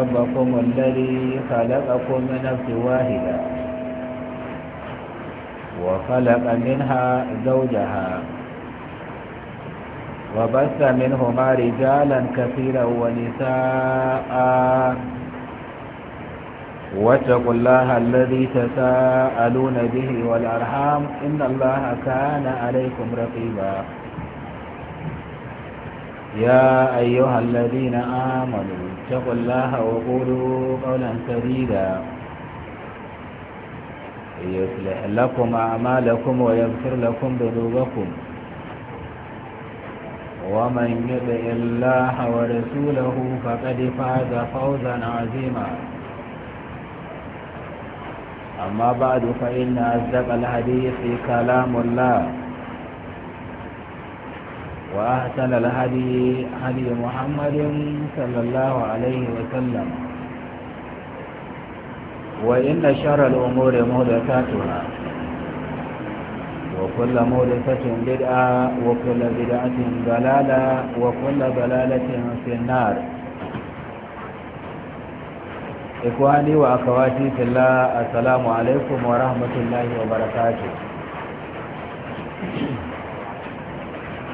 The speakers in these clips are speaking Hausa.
ربكم الذي خلقكم من نفس واحدة وخلق منها زوجها وبث منهما رجالا كثيرا ونساء واتقوا الله الذي تساءلون به والأرحام إن الله كان عليكم رقيبا يا أيها الذين آمنوا واتقوا الله وقولوا قولا سديدا يصلح لكم أعمالكم ويغفر لكم ذنوبكم ومن يطع الله ورسوله فقد فاز فوزا عظيما أما بعد فإن أصدق الحديث كلام الله وأحسن الهدي هدي محمد صلى الله عليه وسلم وإن شر الأمور مهدساتها وكل مهدسة بدعة وكل بدعة ضلالة وكل ضلالة في النار إخواني وأخواتي في الله السلام عليكم ورحمة الله وبركاته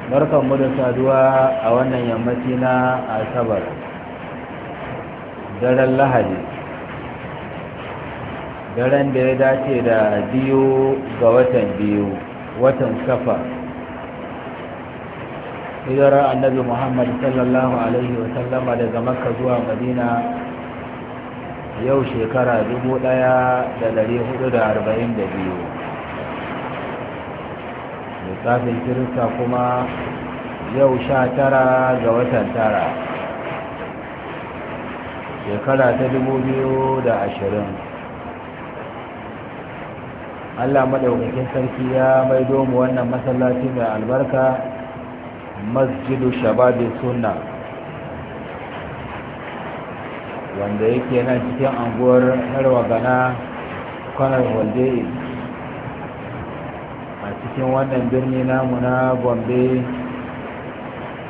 barkanmu da saduwa a wannan yammaci na asabar daren lahadi daren da ya dace da biyu ga watan biyu watan safa hijirar annabi muhammad sallallahu alaihi wasallama daga makka zuwa madina yau shekara 1,442. lissafin kirista kuma yau sha tara ga watan tara shekara ta dubu biyu da ashirin allah maɗaukakin sarki ya maido mu wannan masallaci mai albarka masjidu shababin sunna wanda yake na cikin anguwar harwa gana kwanar walde'i a cikin wannan birni namu na gombe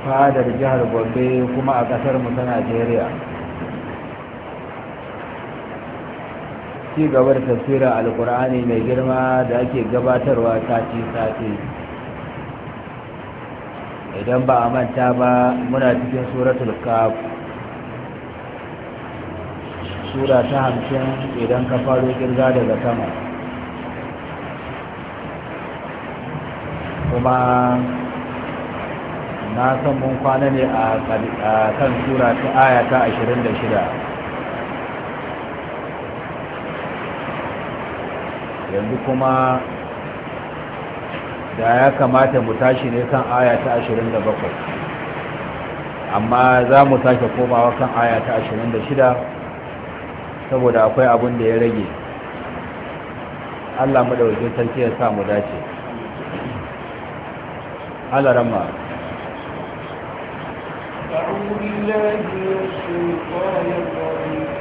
fadar jihar gombe kuma a kasar mu ta najeriya ci gaba da tafsirin alkur'ani mai girma da ake gabatarwa sati-sati idan ba a manta ba muna cikin suratul kaf sura ta hamsin idan ka faro kirga daga sama kuma na san mun kwana ne a kan sura ta aya ta 26 yanzu kuma da ya kamata mu tashi ne kan aya ta 27 amma za mu sake komawa kan aya ta 26 saboda akwai abin da ya rage Allah madawacin sarki ya sa mu dace على رمى أعوذ بالله من الشيطان الرجيم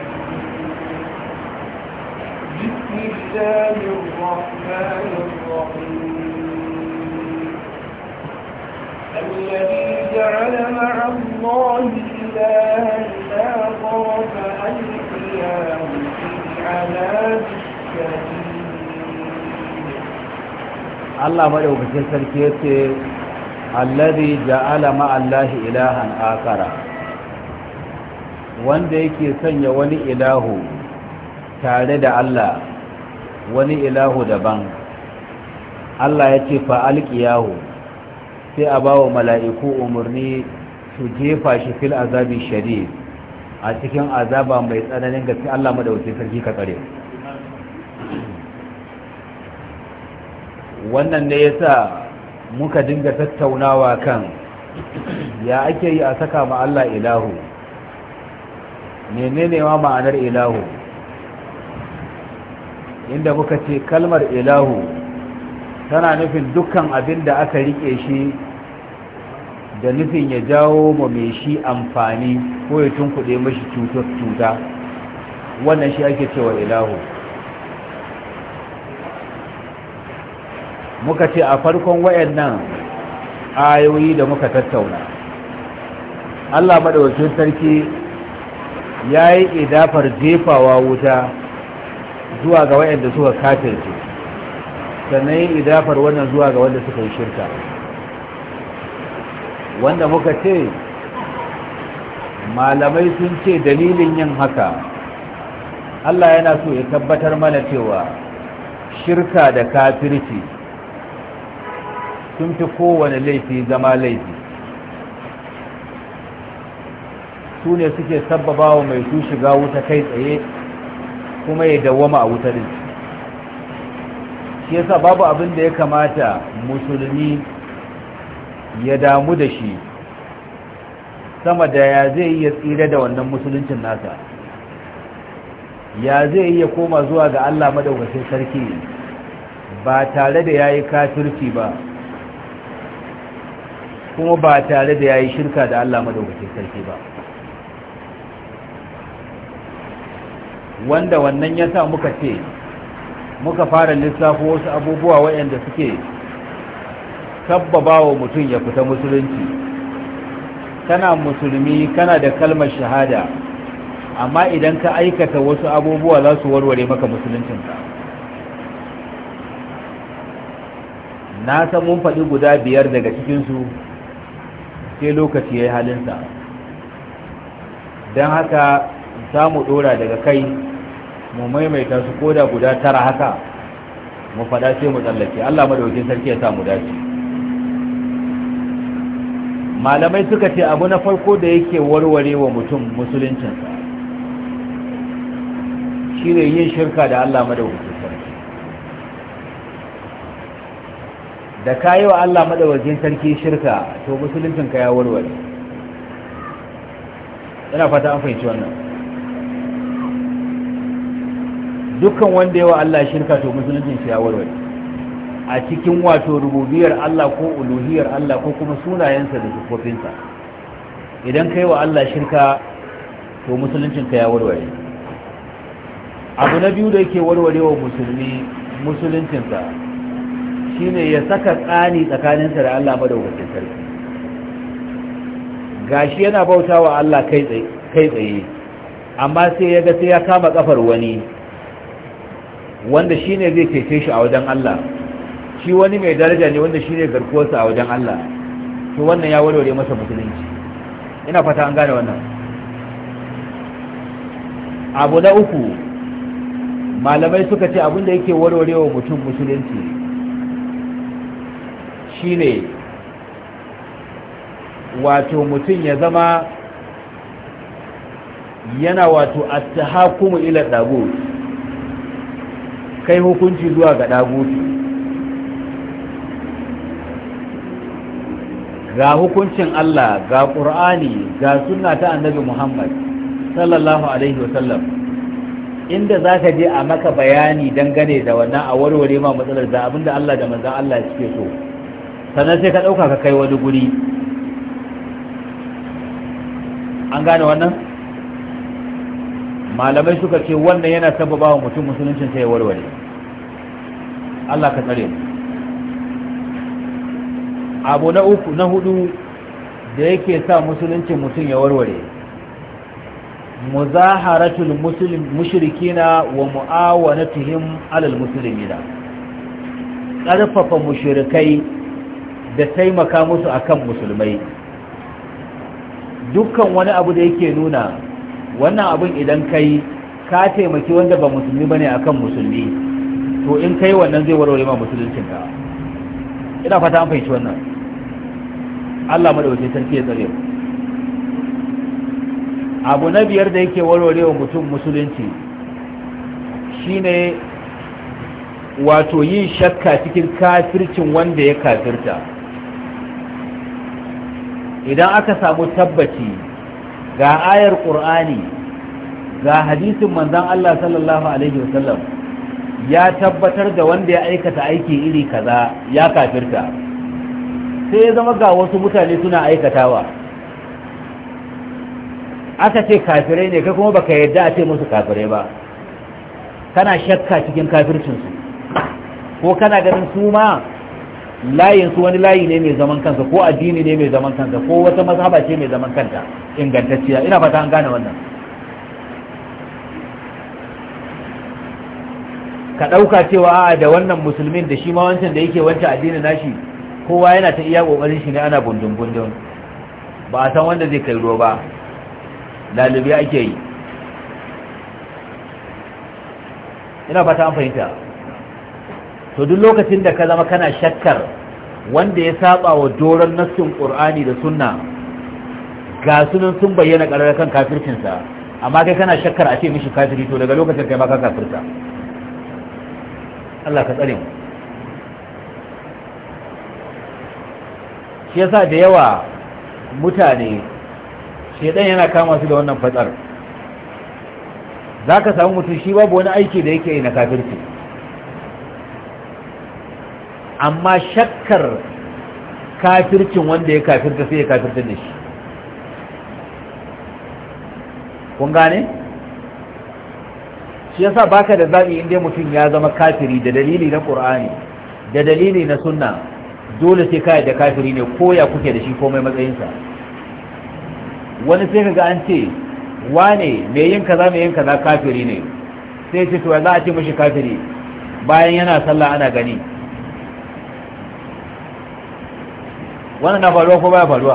بسم الله الرحمن الرحيم الذي جعل مع الله إلها آخر فألقياه في العذاب الشديد Allah madaukakin sarki yace alladhi ja'ala Allahi ilahan akara wanda yake sanya wani ilahu tare da Allah wani ilahu daban Allah ya ce fa'alƙiyahu sai a ba mala'iku umarni su jefa shi fil azabi shadid a cikin azaba mai tsananin gaske Allah madawacin sarki ka tsare wannan ne yasa muka dinga tattaunawa kan ya ake yi a saka ma Allah ilahu menene ma ma'anar ilahu inda muka ce kalmar ilahu tana nufin dukkan abin da aka rike shi da nufin ya jawo ma mai shi amfani ko ya tunkuɗe mashi cutar cuta wannan shi ake cewa ilahu muka ce a farkon wayannan ayoyi da muka tattauna Allah madawacin sarki ya yi idafar jefawa wuta zuwa ga wayanda suka kafirce sannan yi idafar wannan zuwa ga wanda suka yi shirka wanda muka ce malamai sun ce dalilin yin haka Allah yana so ya tabbatar mana cewa shirka da kafirci sun fi kowane laifi zama laifi su ne suke sabbaba wa mai su shiga wuta kai tsaye kuma ya dawama a wutarin shi yasa babu abin da ya kamata musulmi ya damu da shi sama da ya zai iya tsira da wannan musuluncin nasa ya zai iya koma zuwa ga Allah madaukakin sarki ba tare da ya yi kafirci ba kuma ba tare da yayi shirka da Allah madaukakin sarki ba wanda wannan yasa muka ce muka fara lissafo wasu abubuwa waɗanda suke sabbabawa mutum ya fita musulunci kana musulmi kana da kalmar shahada amma idan ka aikata wasu abubuwa za su warware maka musuluncinka na san mun faɗi guda biyar daga cikinsu sai lokaci ya yi halinsa don haka samu dora daga kai mu maimaita su koda guda tara haka mu fada sai mu tsallake allah madaukin sarki ya samu dace malamai suka ce abu na farko da yake warware wa mutum musuluncinsa shi ne yin shirka da allah madaukin da ka yi wa Allah madawacin sarki shirka to musuluncinka ka ya warware ina fata an fahimci wannan dukkan wanda ya wa Allah shirka to musuluncin shi ya warware a cikin wato rububiyar Allah ko uluhiyar Allah ko kuma sunayensa da sufofinsa idan ka yi wa Allah shirka to musuluncinka ka ya warware abu na biyu da yake warware wa musulmi musuluncinsa shine ya saka tsani tsakaninsa da Allah madaukakin sarki gashi yana bautawa Allah kai tsaye amma sai ya ga sai ya kama kafar wani wanda shine zai cece shi a wajen Allah shi wani mai daraja ne wanda shine garkuwarsa a wajen Allah to wannan ya warware masa musulunci ina fata an gane wannan abu na uku malamai suka ce abinda yake warware wa mutum musulunci shine wato mutum ya zama yana wato attahakumu ila dagut kai hukunci zuwa ga daguti ga hukuncin Allah ga Qur'ani ga sunna ta Annabi Muhammad sallallahu alaihi wasallam inda zaka je a maka bayani dangane da wannan a warware ma matsalar da abinda Allah da manzon Allah suke so sannan sai ka ɗauka ka kai wani guri an gane wannan malamai suka ce wannan yana sababa wa mutum musuluncin sai ya warware Allah ka tsare mu abu na uku na hudu da yake sa musuluncin mutum ya warware muzaharatul mushrikina wa mu'awanatuhum alal muslimina ƙarfafa mushrikai da taimaka musu a kan musulmai dukkan wani abu da yake nuna wannan abin idan kai ka taimaki wanda ba musulmi bane akan musulmi to in kai wannan zai warware ma musuluncin ka ina fata an fahimci wannan Allah madaukakin sarki ya tsare abu na biyar da yake warware wa mutum musulunci shine wato yin shakka cikin kafircin wanda ya kafirta idan aka samu tabbaci ga ayar ƙur'ani ga hadisin manzan Allah sallallahu Alaihi wasallam ya tabbatar da wanda ya aikata aiki iri kaza ya kafirta sai ya zama ga wasu mutane suna aikatawa aka ce kafirai ne kai kuma baka yadda a ce musu kafirai ba kana shakka cikin kafircinsu ko kana ganin su ma layin su wani layi ne mai zaman kansa ko addini ne mai zaman kansa ko wata mazhaba ce mai zaman kanta ingantacciya ina fata an gane wannan ka ɗauka cewa a da wannan musulmin da shi ma wancan da yake wancan addini nashi kowa yana ta iya ƙoƙarin shi ne ana bundun-bundun ba a san wanda zai kai ruwa ba lalibi ake yi ina fata an fahimta to duk lokacin da ka zama kana shakkar wanda ya saba wa doron nassin qur'ani da sunna ga sunan sun bayyana karar kan kafircinsa amma kai kana shakkar a ce mishi kafiri to daga lokacin kai ma ka kafirta Allah ka tsare mu shi yasa da yawa mutane shedan yana kama su da wannan fatsar za ka samu mutum shi babu wani aiki da yake yi na kafirci amma shakkar kafircin wanda ya kafirta sai ya kafirta da shi kun gane shi yasa baka da zaɓi inda mutum ya zama kafiri da dalili na ƙur'ani da dalili na sunna dole sai kai da kafiri ne koya kuke da shi komai matsayinsa wani sai kaga an ce wane mai yin kaza mai yin kaza kafiri ne sai ce to za a ce mashi kafiri bayan yana sallah ana gani wannan na faruwa ko baya faruwa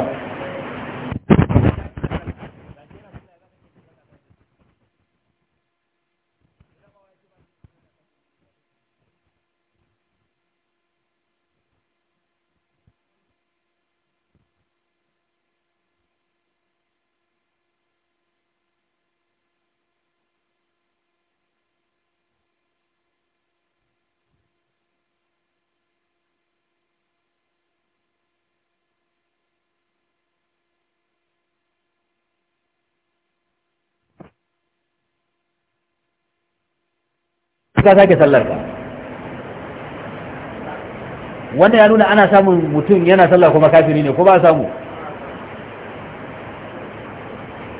ka sake sallar ka wanda ya nuna ana samun mutum yana sallah kuma kafiri ne ko ba samu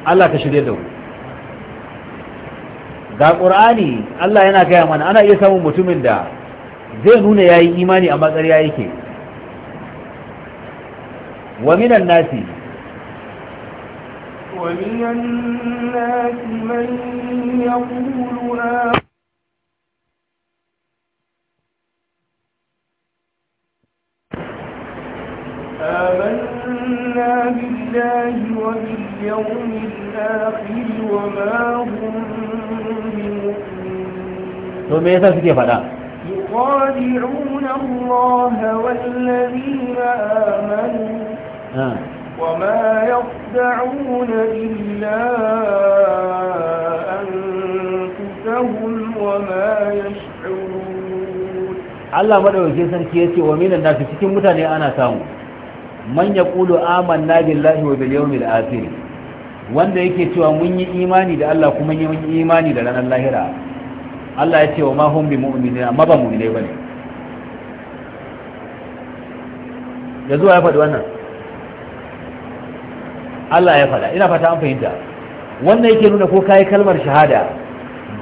Allah ka shirya da mu ga ƙur'ani Allah yana gaya mana ana iya samun mutumin da zai nuna ya yi imani a matsariya yake wa minan nasi ومن الناس من يقول آمنا آمنا بالله وباليوم الآخر وما هم بمؤمنين يخادعون الله والذين آمنوا آه. وما يخدعون إلا أنفسهم وما يشعرون الله مدعو جيسان كيسي ومن الناس تكون متى أنا سامو man yaqulu amanna billahi wa bil yawmil akhir wanda yake cewa mun yi imani da Allah kuma mun yi imani da ranar lahira Allah ya ce wa ma hum bi mu'minin amma ba mu'minai bane yanzu ya faɗi wannan Allah ya faɗa ina fata an fahimta wannan yake nuna ko kai kalmar shahada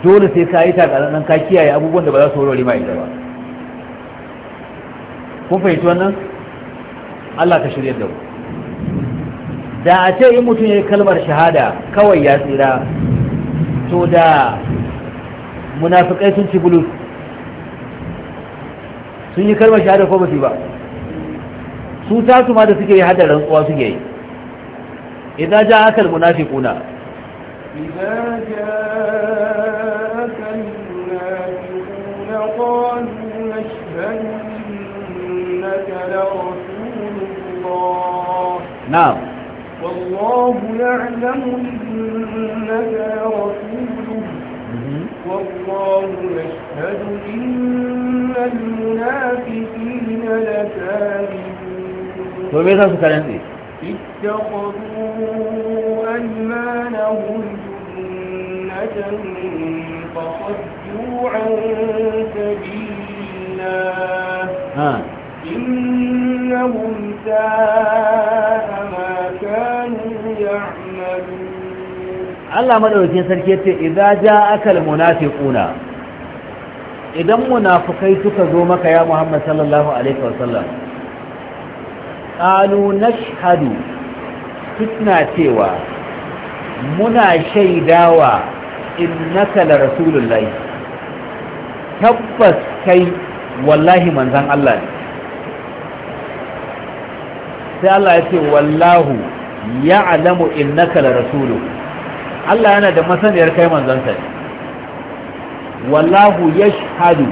dole sai ka yi takalannan ka kiyaye abubuwan da ba za su warware ma ita ba kun fahimci wannan Allah ka shirya da mu da a ce in mutum ya yi kalmar shahada kawai ya tsira to da munafikai sun ci bulus sun yi kalmar shahada ko basu ba su tasu ma da suke yi hada rantsuwa suke yi idan ja akal munafiquna idan ja نعم والله يعلم إنك رسوله والله يشهد إن المنافقين لكاذبون تو ميزا سكرين اتخذوا أيمانهم جنة فصدوا عن سبيل الله آه. إن إنهم ساء ما كانوا يعملون الله مدعوكين سركيت إذا جاءك المنافقون idan munafukai suka zo maka ya Muhammad sallallahu alaihi wasallam qalu nashhadu fitna cewa muna shaidawa innaka la rasulullahi tabbas kai wallahi manzan Allah sai Allah ya ce wallahu alamu innaka la rasulu Allah yana da masaniyar kai manzansa sa ya yashhadu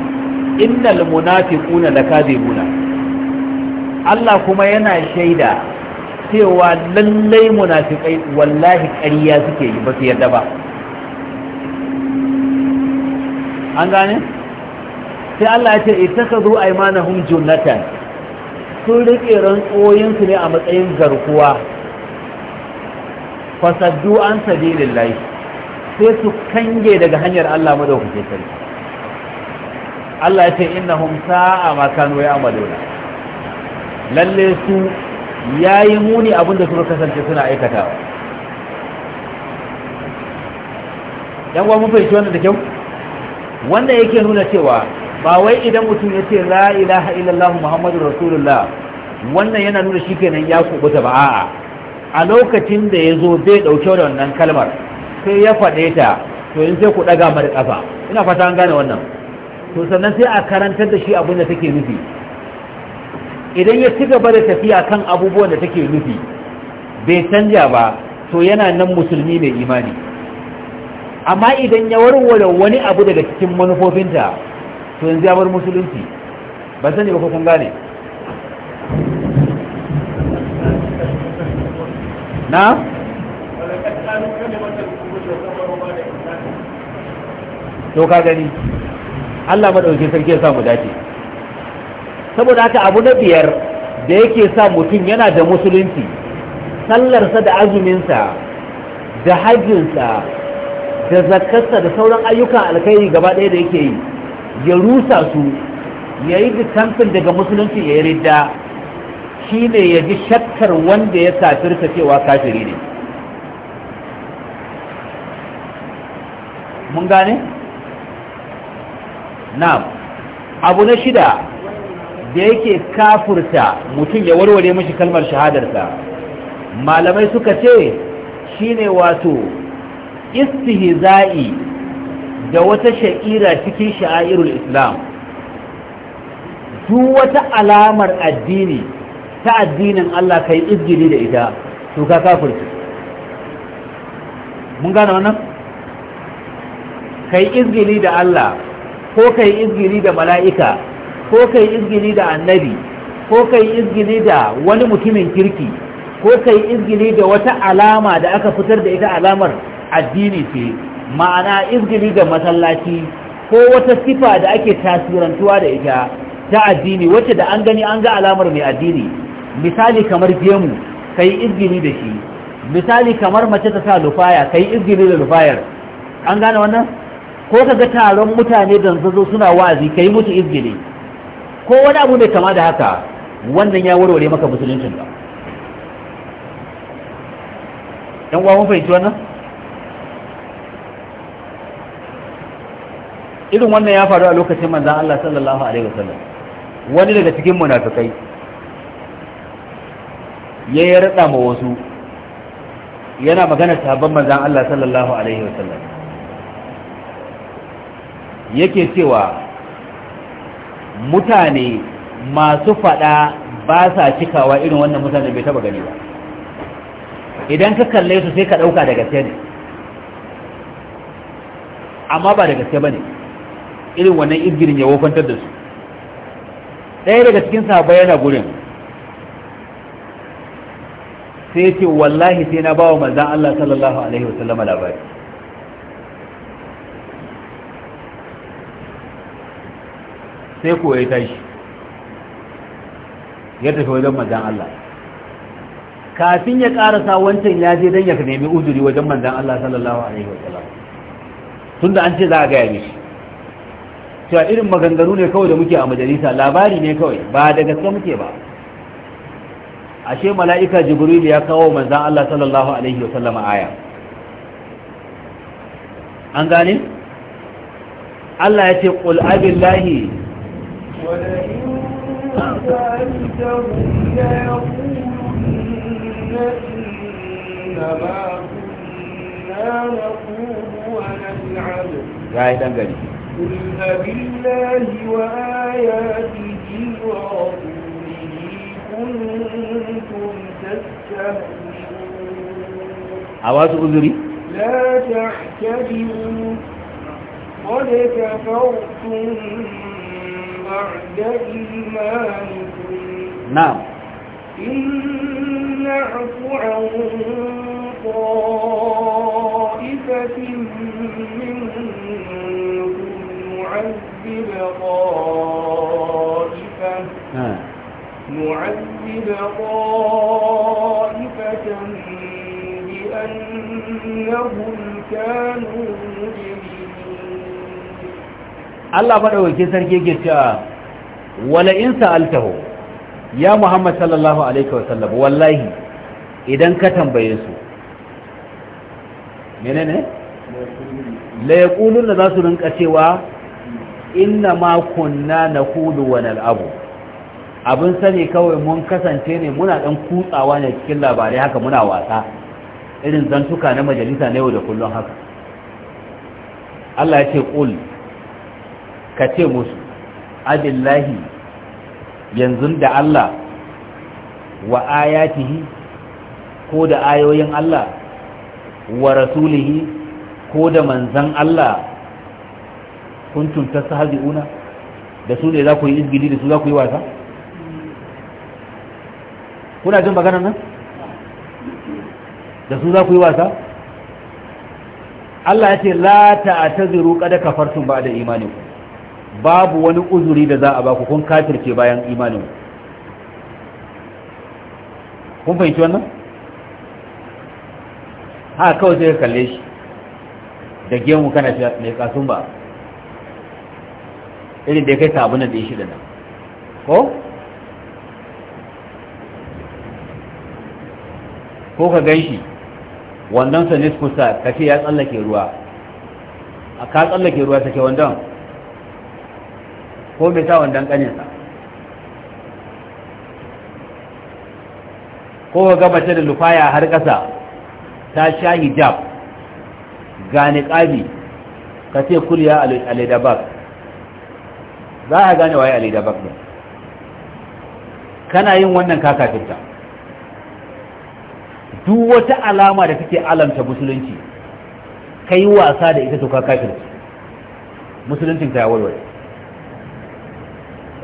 innal munafiquna lakadibuna Allah kuma yana shaida cewa lallai munafikai wallahi ƙarya suke yi ba su yarda ba an gane sai Allah ya ce ittakhadhu aymanahum junnatan sun riƙe rantsoyinsu ne a matsayin garkuwa fasaddu an sabilin lai sai su kange daga hanyar Allah madaukake sarki Allah ya ce innahum sa'a ma kanu ya'maluna lalle su yayi muni abinda suka kasance suna aikatawa yan uwa mun fahimci wannan da kyau wanda yake nuna cewa ba wai idan mutum ya ce la ilaha illallah muhammadu rasulullah wannan yana nuna shi kenan ya kubuta ba a'a a lokacin da ya zo bai dauke da wannan kalmar sai ya faɗe ta to in sai ku ɗaga mar ƙafa ina fata an gane wannan to sannan sai a karantar da shi abin da take nufi idan ya ci gaba da tafiya kan abubuwan da take nufi bai canja ba to yana nan musulmi mai imani amma idan ya warware wani abu daga cikin manufofinta to yanzu ya bar musulunci ba sani ba ko kun gane na to ka gani Allah madaukakin sarki ya samu dace saboda haka abu na biyar da yake sa mutum yana da musulunci sallarsa da azuminsa da hajjinsa da zakarsa da sauran ayyukan alkhairi gaba ɗaya da yake yi ya rusa su ya yi dikamfin daga musulunci ya yi ridda shi ne ya ji shakkar wanda ya kafirta cewa kafiri ne mun gane? na abu na shida da yake kafurta mutum ya warware mashi kalmar shahadarsa malamai suka ce shi ne wato istihza'i da wata sha'ira cikin sha'irul islam duk wata alamar addini ta addinin Allah kai izgili da ita to ka kafirci mun gane wannan kai izgili da Allah ko kai izgili da mala'ika ko kai izgili da annabi ko kai izgili da wani mutumin kirki ko kai izgili da wata alama da aka fitar da ita alamar addini ce ma'ana izgili da masallaci ko wata sifa da ake tasirantuwa da ita ta addini wacce da an gani an ga alamar mai addini misali kamar gemu kai izgili da shi misali kamar mace ta sa lufaya kai izgili da lufayar an gane wannan ko ka ga taron mutane da zazo suna wazi kai mutu izgili ko wani abu mai kama da haka wannan ya warware maka musuluncin ka yan fahimci wannan irin wannan ya faru a lokacin manzan Allah sallallahu alaihi wasallam wani daga cikin munafikai ya yi rada ma wasu yana magana sabon manzan Allah sallallahu alaihi wasallam yake cewa mutane masu faɗa ba sa cikawa irin wannan mutane bai taba gani ba idan ka kalle su sai ka ɗauka daga gaske ne amma ba daga gaske bane irin wannan izgirin ya wofantar da su ɗaya daga cikin sahabbai yana gurin sai ce wallahi sai na bawa mazan Allah sallallahu alaihi wasallama labari sai kuwa ya tashi ya tafi wajen mazan Allah kafin ya karasa wancan ya je don ya nemi uzuri wajen manzan Allah sallallahu Alaihi wasallam tun da an ce za a gaya mishi cewa irin maganganu ne kawai da muke a majalisa labari ne kawai ba da gaske muke ba ashe mala'ika jibril ya kawo manzan Allah sallallahu alaihi wa sallama aya an gane Allah ya ce qul abillahi ya yi dan gari قل أبالله وآياته ورسوله كنتم تستهزئون أواز أذري لا تعتذروا قد كفرتم بعد إيمانكم نعم إن نعفو عن طائفة منكم طائفة نعذب طائفة بأنهم كانوا Allah maɗaukakin sarki yake cewa wala in sa'altahu ya Muhammad sallallahu alaihi wa sallam wallahi idan ka tambaye su menene la yaquluna za su rinka cewa inna ma kunna na hudu wa abu, abin sani kawai mun kasance ne muna ɗan kutsawa ne cikin labarai haka muna wasa irin zantuka na majalisa na yau da kullum haka Allah ya ce ƙul ka ce musu abillahi yanzu da Allah wa ayatihi ko da ayoyin Allah wa rasulihi ko da manzan Allah kuntum tastahzi'una da su ne za ku yi izgili da su za ku yi wasa kuna jin magana nan da su za ku yi wasa Allah ya ce la ta'tadiru qad kafartum ba'da imanikum babu wani uzuri da za a baku kun kafirce bayan imaninku kun fahimci wannan ha kawai sai ka kalle shi da gemu kana shi mai kasun ba irin da ya kai sabon da ya shida nan ko ko ka gan shi wandon sa niskusa ka ce ya tsallake ruwa a ka tsallake ruwa ke wandon ko bai sa wandon kaninsa ko ka gaba da lufaya har ƙasa ta sha hijab ga niƙabi ka ce kuliya a ledabak za a gane waye ali da babba kana yin wannan kakafinta duk wata alama da take alamta musulunci kai wasa da ita to kakafinta musuluncin ta ya warware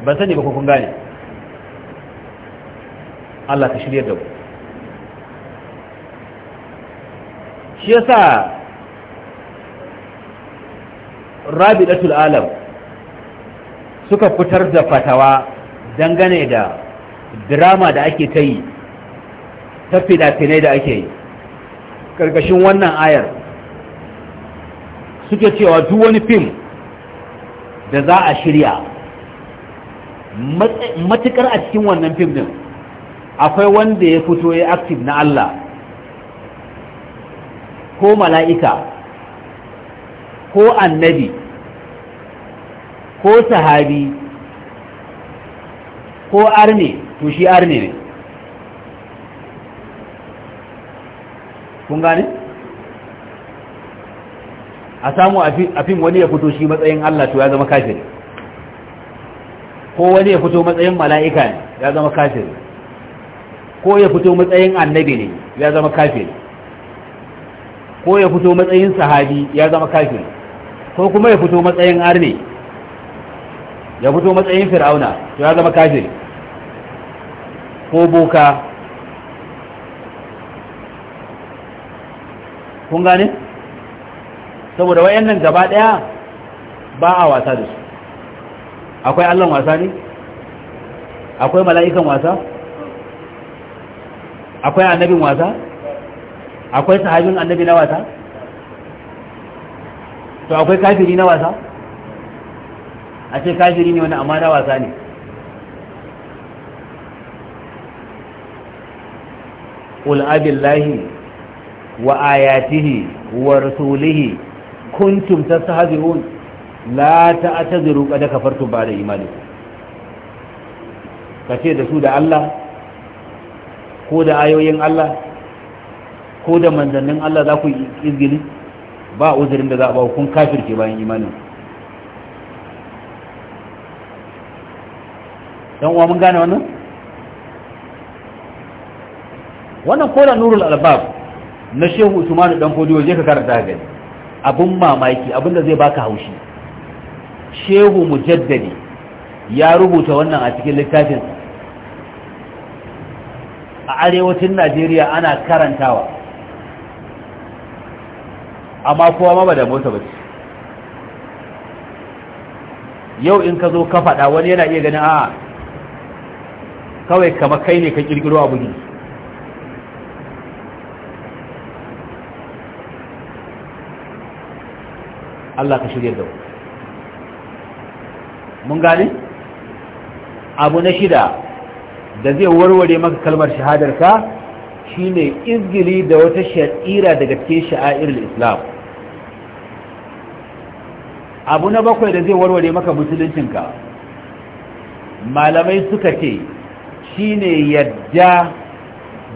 ban sani ba ko kun gane Allah ka shirya da ku shi yasa rabidatul alam suka fitar da fatawa dangane da drama da ake ta yi ta filafinai da ake yi ƙarƙashin wannan ayar suke cewa duk wani fim da za a shirya matukar a cikin wannan fim din akwai wanda ya fito ya active na Allah ko mala'ika ko annabi ko sahabi ko arne to shi arne ne kun gane? a samu a fim wani ya fito shi matsayin Allah to ya zama kafir ko wani ya fito matsayin mala'ika ne ya zama kafir ko ya fito matsayin annabi ne ya zama kafir ko ya fito matsayin sahabi ya zama kafir ko kuma ya fito matsayin arne ya fito matsayin fir'auna to ya zama kafiri ko boka kun gane saboda wayannan gaba daya ba a wasa da su akwai allon wasa ne akwai mala'ikan wasa akwai annabin wasa akwai sahabin annabi na wasa to akwai kafiri na wasa a ce kafiri ne wani amma na wasa ne qul abillahi wa ayatihi wa rasulihi kuntum tastahzi'un la ta'tadiru qad kafartum ba'da ka ce da su da Allah ko da ayoyin Allah ko da manzannin Allah za ku izgili ba uzurin da za a ba kun kafirce bayan imanin Don uwa mun gane wannan wannan kola nurul albab na shehu usmanu dan kodi waje ka karanta gani abun mamaki abin da zai baka haushi shehu mujaddadi ya rubuta wannan a cikin littafin a arewacin najeriya ana karantawa amma kowa ma ba da mota ce yau in ka zo ka faɗa wani yana iya ganin A'a. kawai kama kai ne ka kirkiro abu ne Allah ka shirya da mun gane abu na shida da zai warware maka kalmar shahadarka ne izgili da wata sha'ira daga cikin sha'ir islam abu na bakwai da zai warware maka musuluncinka malamai suka ce shine yadda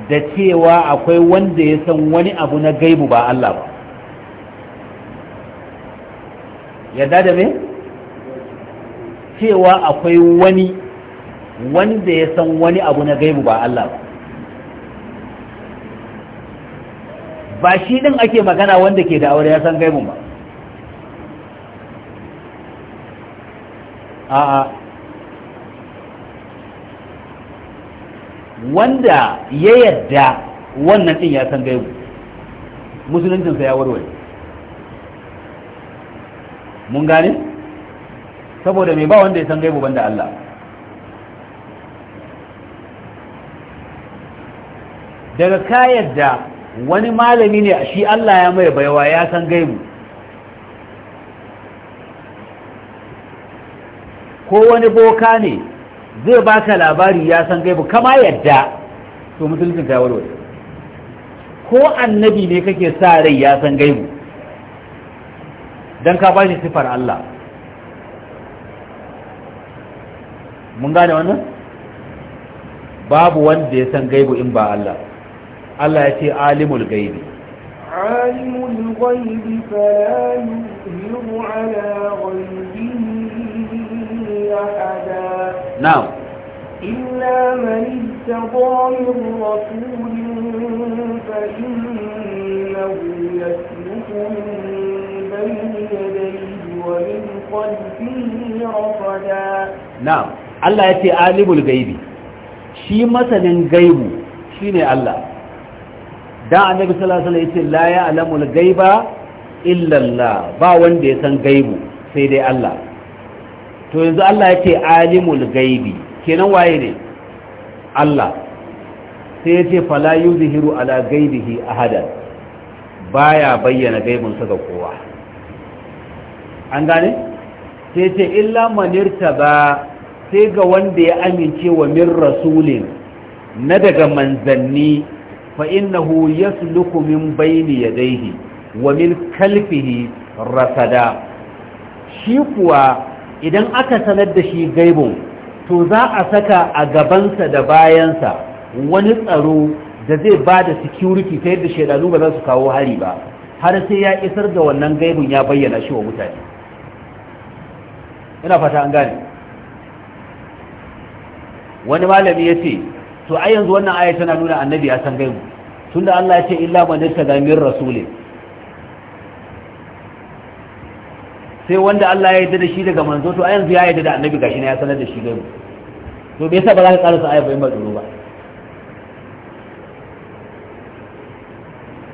da cewa akwai wanda ya san wani abu na gaibu ba Allah ba yadda da me cewa akwai wani wanda ya san wani abu na gaibu ba Allah ba ba shi din ake magana wanda ke da aure ya san gaibu ba a'a wanda ya yadda wannan din ya san gaibu musuluncinsa ya warware mun gane saboda mai ba wanda ya san gaibu banda Allah daga ka yadda wani malami ne a shi Allah ya mai baiwa ya san gaibu ko wani boka ne zai baka labari ya san gaibu kama yadda to musulcin ta warware ko annabi ne kake sa rai ya san gaibu don ka ba shi sifar Allah mun gane wannan babu wanda ya san gaibu in ba Allah Allah ya ce alimul gaibi alimul gaibi fala yuzhiru ala ghaibihi na'am إلا من اتقى من رسول فإنه يسلك بين يديه ومن خلفه نعم الله يأتي الغيب shi masanin gaibu shine Allah dan annabi sallallahu alaihi wasallam yace la ya'lamul gaiba illa ba wanda ya san gaibu sai dai Allah to yanzu Allah ya ce alimul gaibi kenan waye ne Allah sai ya ce fala yuzhiru ala gaibihi ahada baya bayyana gaibin sa ga kowa an gane sai ce illa manirta ba sai ga wanda ya amince wa min rasulin na daga manzanni fa innahu yasluku min bayni yadayhi wa min kalfihi rasada shi kuwa idan aka sanar da shi gaibon to za a saka a gabansa da bayansa wani tsaro da zai ba da security ta yadda shaidanu ba za su kawo hari ba har sai ya isar da wannan gaibun ya bayyana shi wa mutane ina fata an gane wani malami ya ce to ai yanzu wannan aya tana nuna annabi ya san gaibu tunda Allah ya ce illa man yattaga rasulin sai wanda Allah ya yarda da shi daga manzo to a yanzu ya yarda da annabi gashi ne ya sanar da shi gaibu to me yasa ba za ka karasa ayat bayan ba tsoro ba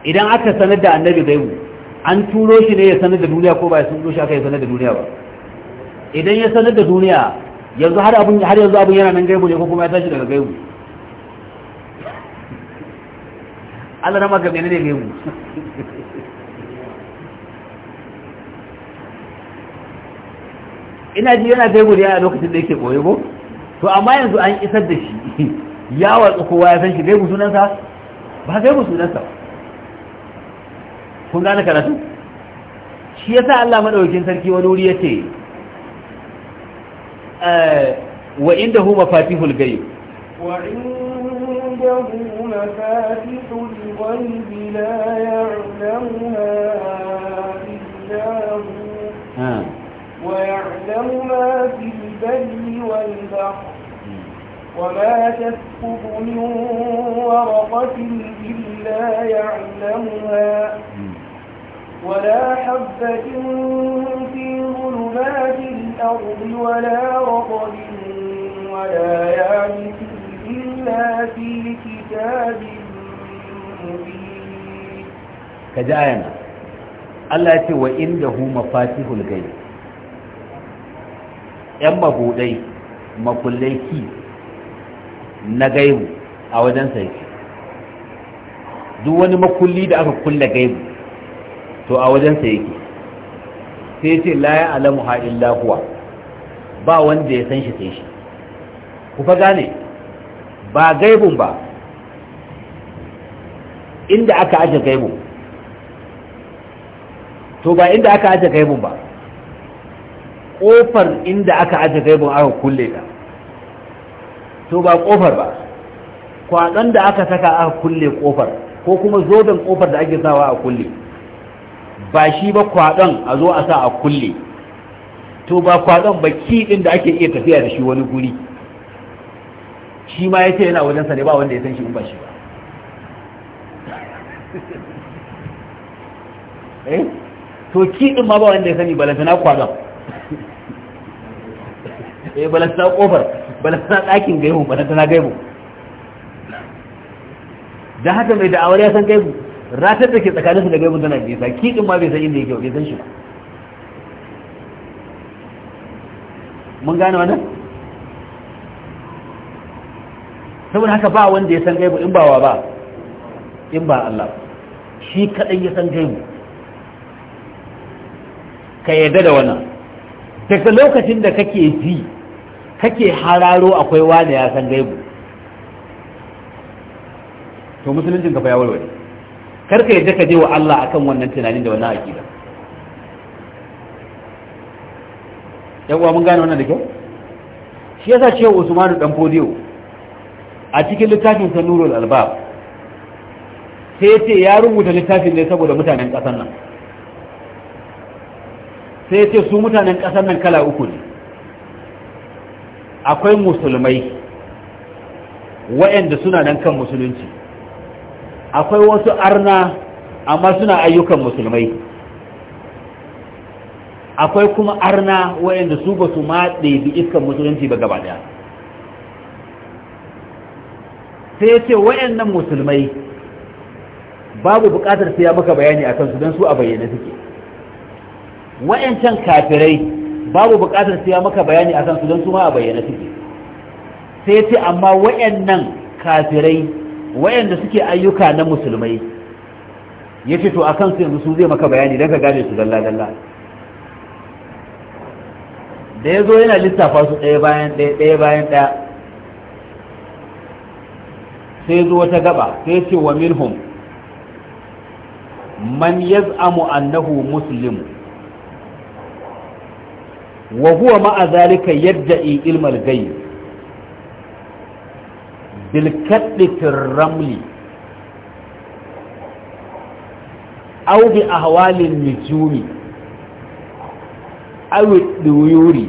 idan aka sanar da annabi gaibu an turo shi ne ya sanar da duniya ko ba ya turo shi aka ya sanar da duniya ba idan ya sanar da duniya yanzu har abun har yanzu abun yana nan gaibu ne ko kuma ya tashi daga gaibu Allah na maka menene gaibu ina ji yana kai godiya a lokacin da yake koyo ko to amma yanzu an isar da shi ya watsu kowa ya san shi gaibu sunansa ba gaibu sunansa kun gane karatu shi yasa Allah madaukakin sarki wani wuri yace eh, wa indahu mafatihul ghaib wa indahu mafatihul ghaib la ya'lamuha illa hu ah. ويعلم ما في البر والبحر وما تسقط من ورقة إلا يعلمها ولا حبة في ظلمات الأرض ولا رطب ولا يابس إلا في كتاب مبين كجاينا الله يتوى إنه مفاتيح الغيب yan mabuɗai makullai ki na gaibu a wajen sai duk wani makulli da aka kulle gaibu to a wajen sa yake sai ce la ya alamu ha illa huwa ba wanda ya san shi sai shi ku fa gane ba gaibun ba inda aka aje gaibun to ba inda aka aje gaibun ba kofar inda aka aje gaibin aka kulle ta to ba kofar ba kwaɗon da aka saka aka kulle kofar ko kuma zoben kofar da ake sawa a kulle ba shi ba kwaɗon a zo a sa a kulle to ba kwaɗon ba din da ake iya tafiya da shi wani guri shi ma ya ce yana sa ne ba wanda ya san shi in ba shi ba eh to din ma ba wanda ya sani balantana kwaɗon eh balasta kofar balasta ɗakin gaibu ba na gaibu da haka mai da'awar ya san gaibu ratar da ke tsakaninsu da gaibu tana bisa kiɗin ma bai san inda yake bai san shi mun gane wannan saboda haka ba wanda ya san gaibu in ba wa ba in ba Allah shi kaɗan ya san gaibu ka yarda da wannan daga lokacin da kake ji kake hararo akwai wane ya san gaibu to musuluncin ka fa ya warware kar ka yadda ka je wa Allah akan wannan tunanin da wannan aqida yawa mun gane wannan da kyau shi yasa cewa Usmanu dan Fodiyo a cikin littafin sa Nurul Albab sai ce ya rubuta littafin ne saboda mutanen kasar nan sai ce su mutanen kasar nan kala uku ne akwai musulmai waɗanda suna nan kan musulunci akwai wasu arna amma suna ayyukan musulmai akwai kuma arna waɗanda su ba su da bi iskan musulunci ba gaba daya sai ce waɗannan musulmai babu buƙatar sai ya maka bayani akan su don su a bayyane suke waɗancan kafirai babu buƙatar siya maka bayani a su don su ma a bayyana suke sai ce amma wayannan kafirai wayanda suke ayyuka na musulmai ya ce to akan su yanzu su zai maka bayani don ka gane su dalla dalla da ya zo yana littafa su ɗaya bayan ɗaya ɗaya bayan ɗaya sai zo wata gaba sai ce wa minhum man yaz'amu annahu muslimu wa ma'azalika yadda zalika yadda'i ilmal gayb bil kaddi ramli aw bi ahwalin nujumi aw duyuri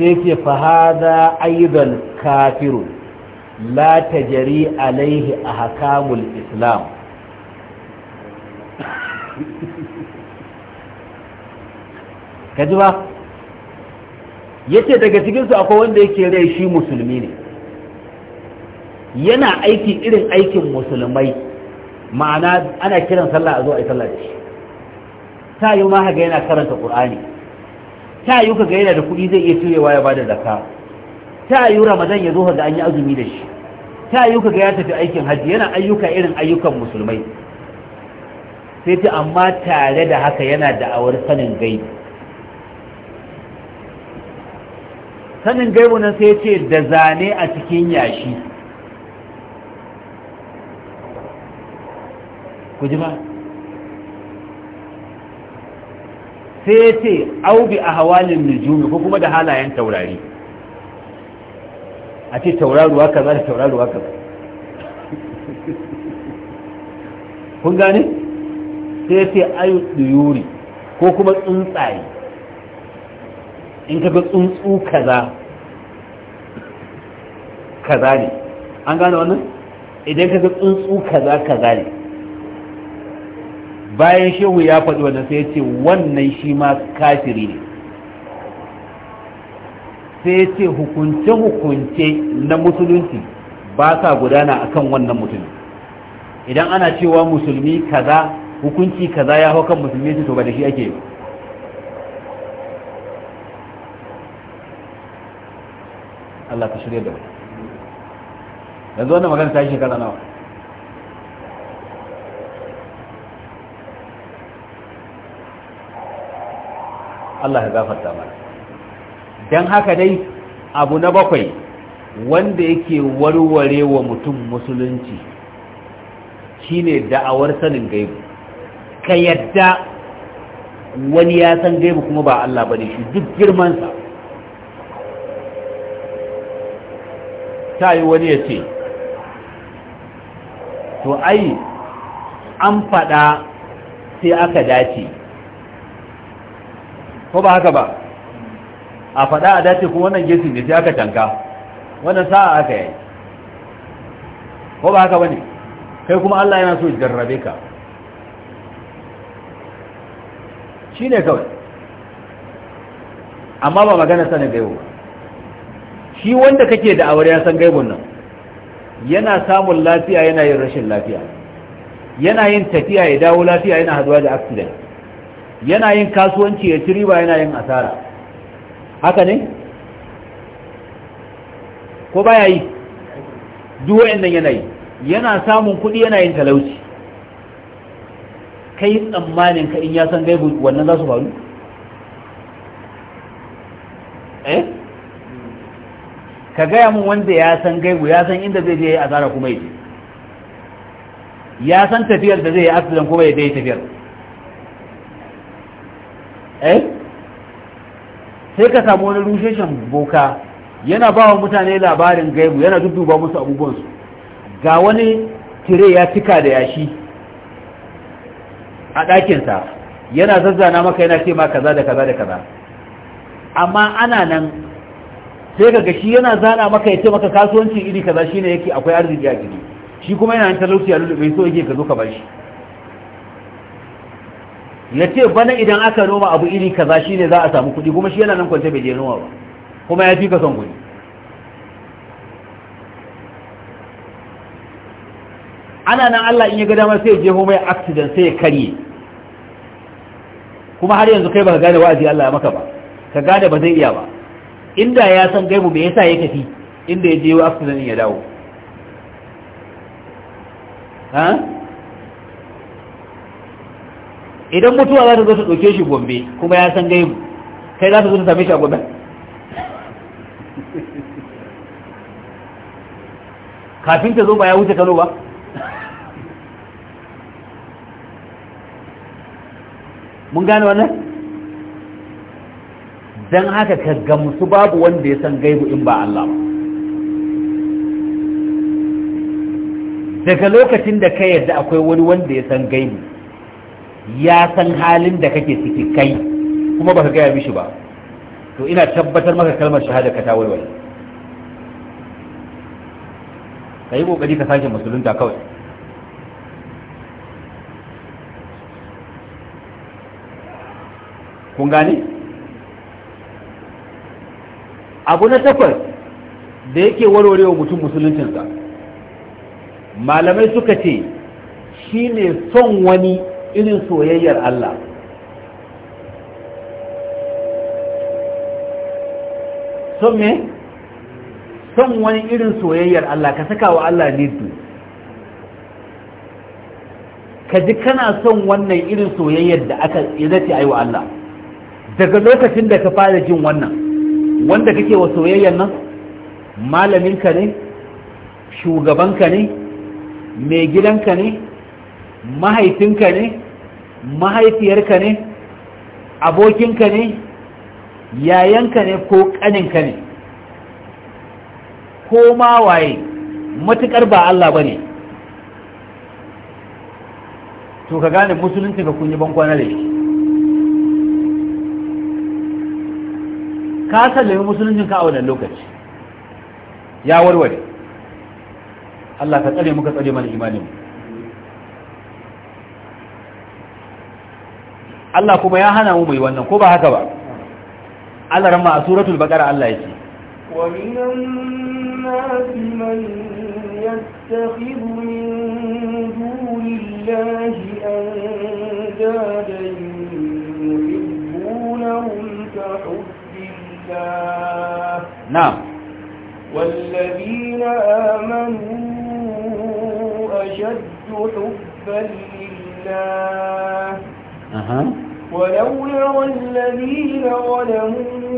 sai ke fa hada aidan kafirun لا تجري عليه أحكام الإسلام ka ji ba yace daga cikinsu akwai wanda yake rai shi musulmi ne yana aiki irin aikin musulmai ma'ana ana kiran sallah a zo a yi sallah da shi ta yi ma ga yana karanta ƙur'ani, ta yi kaga yana da kuɗi zai iya turewa ya bada zakka ta yi ramadan ya zo da an yi azumi da shi ta yi kaga ya tafi aikin hajji yana ayyuka irin ayyukan musulmai sai ta amma tare da haka yana da awar sanin gaibi sanin gaibu nan sai ce da zane a cikin yashi ku ji ba sai ce aubi a hawalin nujumi ko kuma da halayen taurari a ce tauraruwa kaza da tauraruwa kaza kun gane sai ce ayu duyuri ko kuma tsuntsaye in ka ga tsuntsu kaza kaza ne an gane wannan idan ka ga tsuntsu kaza kaza ne bayan shehu ya faɗi wannan sai ya ce wannan shi ma kafiri ne sai ya ce hukunce-hukunce na musulunci ba sa gudana akan wannan mutumin idan ana cewa musulmi kaza hukunci kaza ya hau kan musulmi to ba da shi ake yi Allah ka shirya da mu yanzu wannan magana ta yi shekara nawa Allah ya gafarta mana don haka dai abu na bakwai wanda yake warware wa mutum musulunci shine da'awar sanin gaibu ka yadda wani ya san gaibu kuma ba Allah bane shi duk girmansa ta yi wani ya ce to ai an faɗa sai aka dace ko ba haka ba a faɗa a dace kuma wannan gesi ne sai aka tanka wannan sa'a aka yi ko ba haka ba ne kai kuma Allah yana so jarrabe ka shi ne kawai amma ba magana sanin ba. shi wanda kake da awar ya san gaibun nan yana samun lafiya yana yin rashin lafiya yana yin tafiya ya dawo lafiya yana haduwa da accident yana yin kasuwanci ya ci riba yana yin asara haka ne ko baya yi duk yana yanayi yana samun kuɗi yana yin talauci kai tsammanin ka in ya san gaibu wannan za su faru eh ka gaya min wanda ya san gaibu ya san inda zai je a tsara kuma ya ya san tafiyar da zai yi accident kuma ya je tafiyar eh sai ka samu wani rusheshen boka yana ba wa mutane labarin gaibu yana dudduba musu abubuwansu ga wani tire ya cika da yashi a ɗakinsa yana zazzana maka yana ce ma kaza da kaza da kaza amma ana nan sai ka shi yana zana maka ya ce maka kasuwanci iri kaza shine yake akwai arziki a gidi shi kuma yana yin talauci a lulluɓe so yake ka zo ka bashi ya ce bana idan aka noma abu iri kaza shine za a samu kuɗi kuma shi yana nan kwance bai je noma ba kuma ya fi ka son kuɗi ana nan Allah in ya ga dama sai ya je homai accident sai ya karye kuma har yanzu kai baka gane wa'azi Allah ya maka ba ka gane ba zai iya ba inda ya san gaibu me yasa ya tafi inda ya je wa accident ya dawo ha idan mutuwa za ta zo ta ɗauke shi gombe kuma ya san gaibu kai za ta zo ta same shi a gobe kafin ta zo ba ya wuce kano ba mun gane wannan don haka ka gamsu babu wanda ya san gaibu in ba Allah ba daga lokacin da ka yarda akwai wani wanda ya san gaibu ya san halin da kake ciki kai kuma baka gaya mishi ba to ina tabbatar maka kalmar shahada ka ta ka yi kokari ka sake musulunta kawai kun gane abu na takwas da yake warwarewa mutum musuluncinsa malamai suka ce shi ne son wani irin soyayyar Allah son me? son wani irin soyayyar Allah ka saka wa Allah nidu ka ji kana son wannan irin soyayyar da aka yi zace ayi Allah daga lokacin da ka fara jin wannan wanda kake wa soyayyan nan malaminka ne shugabanka ne mai gidanka ne mahaifinka ne mahaifiyarka ne abokinka ne yayanka ne ko ƙaninka ne ko ma waye matuƙar ba Allah ba ne to ka gane musulunci ka kun yi bankwana da shi ka sallami musuluncin ka a wannan lokaci ya warware Allah ka tsare muka tsare mana imanin Allah kuma ya hana mu mai wannan ko ba haka ba Allah ramma a suratul baqara Allah yake wa minan nasi man yattakhidhu min dunillahi andadan الله نعم والذين آمنوا أشد حبا لله أه. ولو يرى الذين ظلموا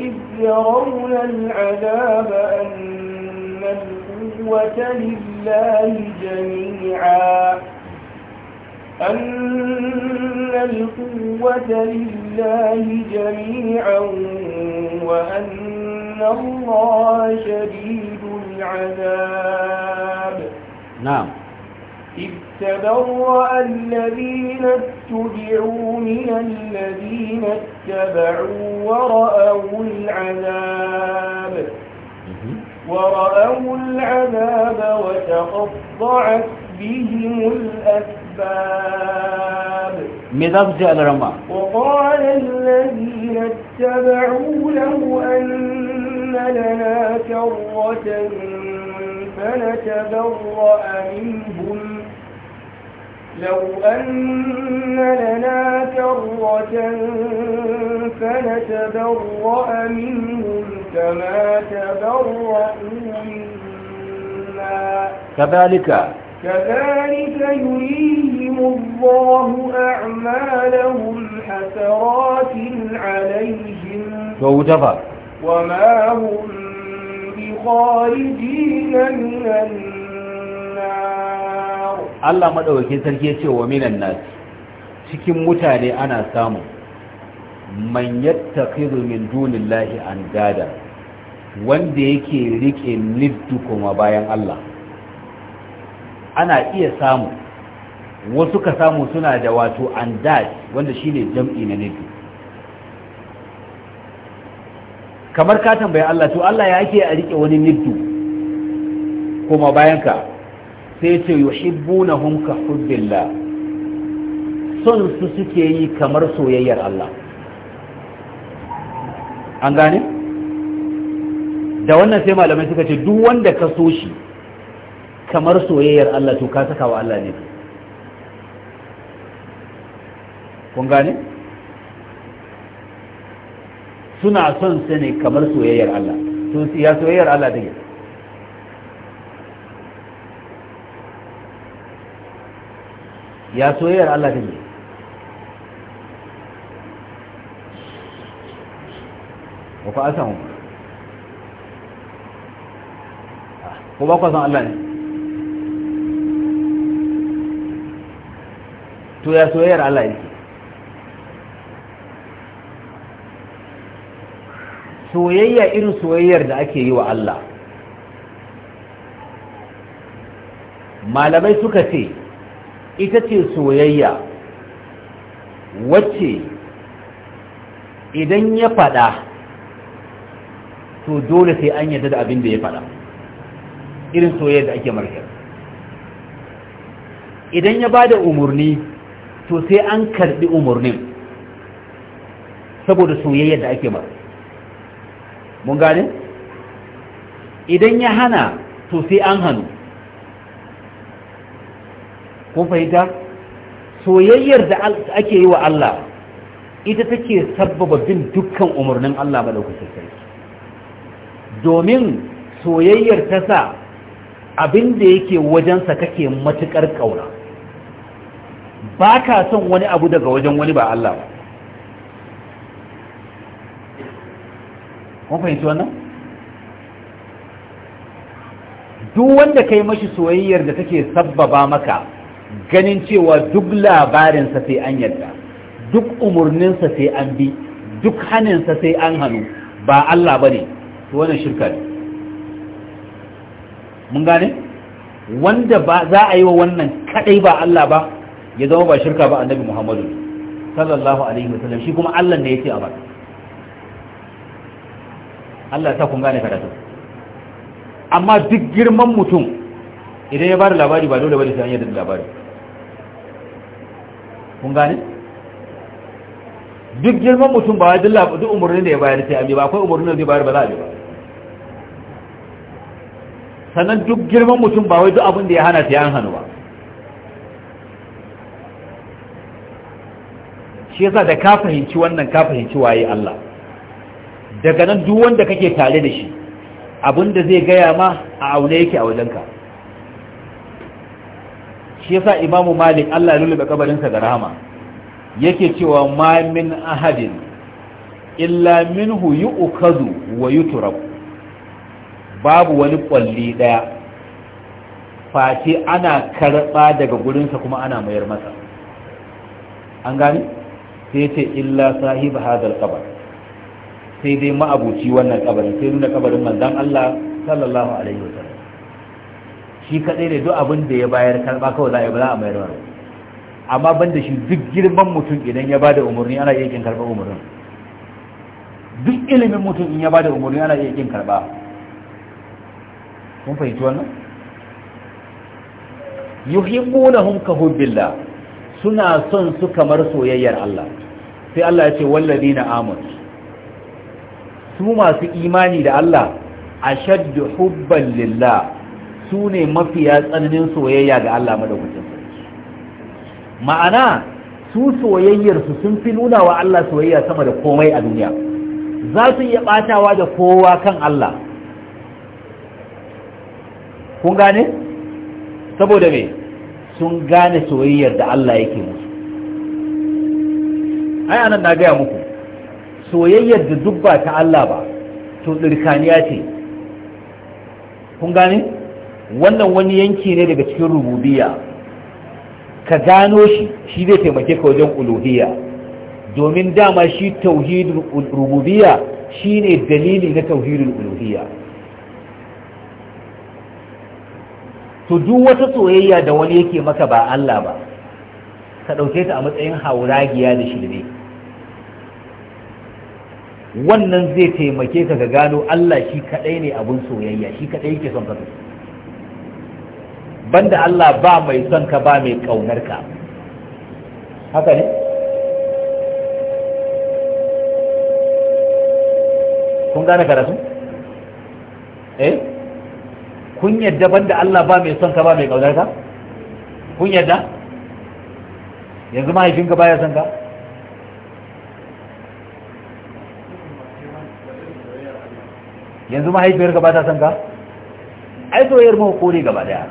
إذ يرون العذاب أن القوة لله جميعا أن القوة لله جميعا وأن الله شديد العذاب نعم إذ تبرأ الذين اتبعوا من الذين اتبعوا ورأوا العذاب ورأوا العذاب وتقطعت بهم الأسباب الباب مذاب جاء وقال الذين اتبعوا له أن لنا كرة فنتبرأ منهم لو أن لنا كرة فنتبرأ منهم كما تبرأوا منا كذلك كذلك يريهم الله أعمالهم حسرات عليهم وما هم بخارجين من النار Sarki ya ce wa minan الناس cikin mutane ana samu man yattakhidhu min dunillahi an gada wanda yake riƙe niddu kuma bayan Allah ana iya samu wasu ka samu suna da wato andad wanda shi ne jam'i na nufi kamar ka tambayi Allah to Allah ya ake a rike wani niddu kuma bayan ka sai ce ka hudbilla son su suke yi kamar soyayyar Allah an gane da wannan sai malamai suka ce duk wanda ka so shi kamar soyayyar Allah to ka saka wa Allah ne kun gane suna son su ne kamar soyayyar Allah to ya soyayyar Allah take ya soyayyar Allah take wa ku asan ku ba ku san Allah ne to ya soyayyar Allah yake soyayya irin soyayyar da ake yi wa Allah malamai suka ce ita ce soyayya wacce idan ya faɗa to dole sai an yadda da abin da ya faɗa irin soyayya da ake markar idan ya ba da umarni to sai an karbi umarnin saboda soyayyar da ake mara mun gane idan ya hana to sai an hannu kun fahimta soyayyar da ake yi wa Allah ita take sabbaba bin dukkan umarnin Allah madaukakin sarki domin soyayyar ta sa abin da yake wajensa kake matukar ƙauna ba ka son wani abu daga wajen wani ba Allah ba kun fahimci wannan duk wanda kai mashi soyayyar da take sabbaba maka ganin cewa duk labarinsa sai an yarda duk umarninsa sai an bi duk haninsa sai an hannu ba Allah ba ne wannan shirka ne mun gane wanda za a yi wa wannan kadai ba Allah ba ya zama ba shirka ba annabi muhammadu sallallahu alaihi wasallam shi kuma allah ne ya ce a ba allah ta kun gane karatu amma duk girman mutum idan ya bada labari ba dole ba da sai an yadda labari kun gane duk girman mutum ba wajen duk umarni da ya bayar sai an bi ba akwai umarni da zai bayar ba za a bi ba sannan duk girman mutum ba wai duk abin da ya hana sai an hannu ba shi yasa da ka fahimci wannan ka fahimci waye Allah daga nan duk wanda kake tare da shi abinda zai gaya ma a aune yake a wajenka shi yasa imamu malik Allah ya lullube kabarinsa da rahama yake cewa ma min ahadin illa minhu yu'khadhu wa yutrab babu wani kwalli daya face ana karba daga gurinsa kuma ana mayar masa an gani sai ce illa sahib hadal kabar sai dai ma'abuci wannan kabarin sai nuna kabarin manzan Allah sallallahu alaihi wa sallam shi kadai ne duk abin da ya bayar karba kawai za a yi ba a mayar wa amma ban da shi duk girman mutum idan ya bada umarni ana iya kin karba umarnin duk ilimin mutum in ya bada umarni ana iya kin karba kun fahimci wannan yuhibbunahum ka hubbillah suna son su kamar soyayyar Allah sai Allah ya ce wallazi na amur su masu imani da Allah a shaddu hubban lillah su ne mafiya tsananin soyayya ga Allah madaukakin ma'ana su soyayyarsu sun fi nuna wa Allah soyayya sama da komai a duniya za su iya ɓatawa da kowa kan Allah kun gane saboda me sun gane soyayyar da Allah yake musu ai anan na gaya muku soyayyar da duk ba ta Allah ba to dirkaniya ce kun gane wannan wani yanki ne daga cikin rububiya ka gano shi shi zai taimake ka wajen uluhiyya domin dama shi tauhidul rububiyya ne dalili na tauhidul uluhiyya to duk wata soyayya da wani yake maka ba Allah ba ka ɗauke ta a matsayin hauragiya da shirme wannan zai taimake ka ga gano Allah shi kaɗai ne abun soyayya shi kaɗai yake son ka banda Allah ba mai son ka ba mai ƙaunar ka haka ne kun gane karatu eh kun yadda banda Allah ba mai son ka ba mai kaunar ka kun yadda yanzu mahaifinka ya son ka yanzu mahaifiyarka ba ta son ka ai soyayyar mu kore gaba daya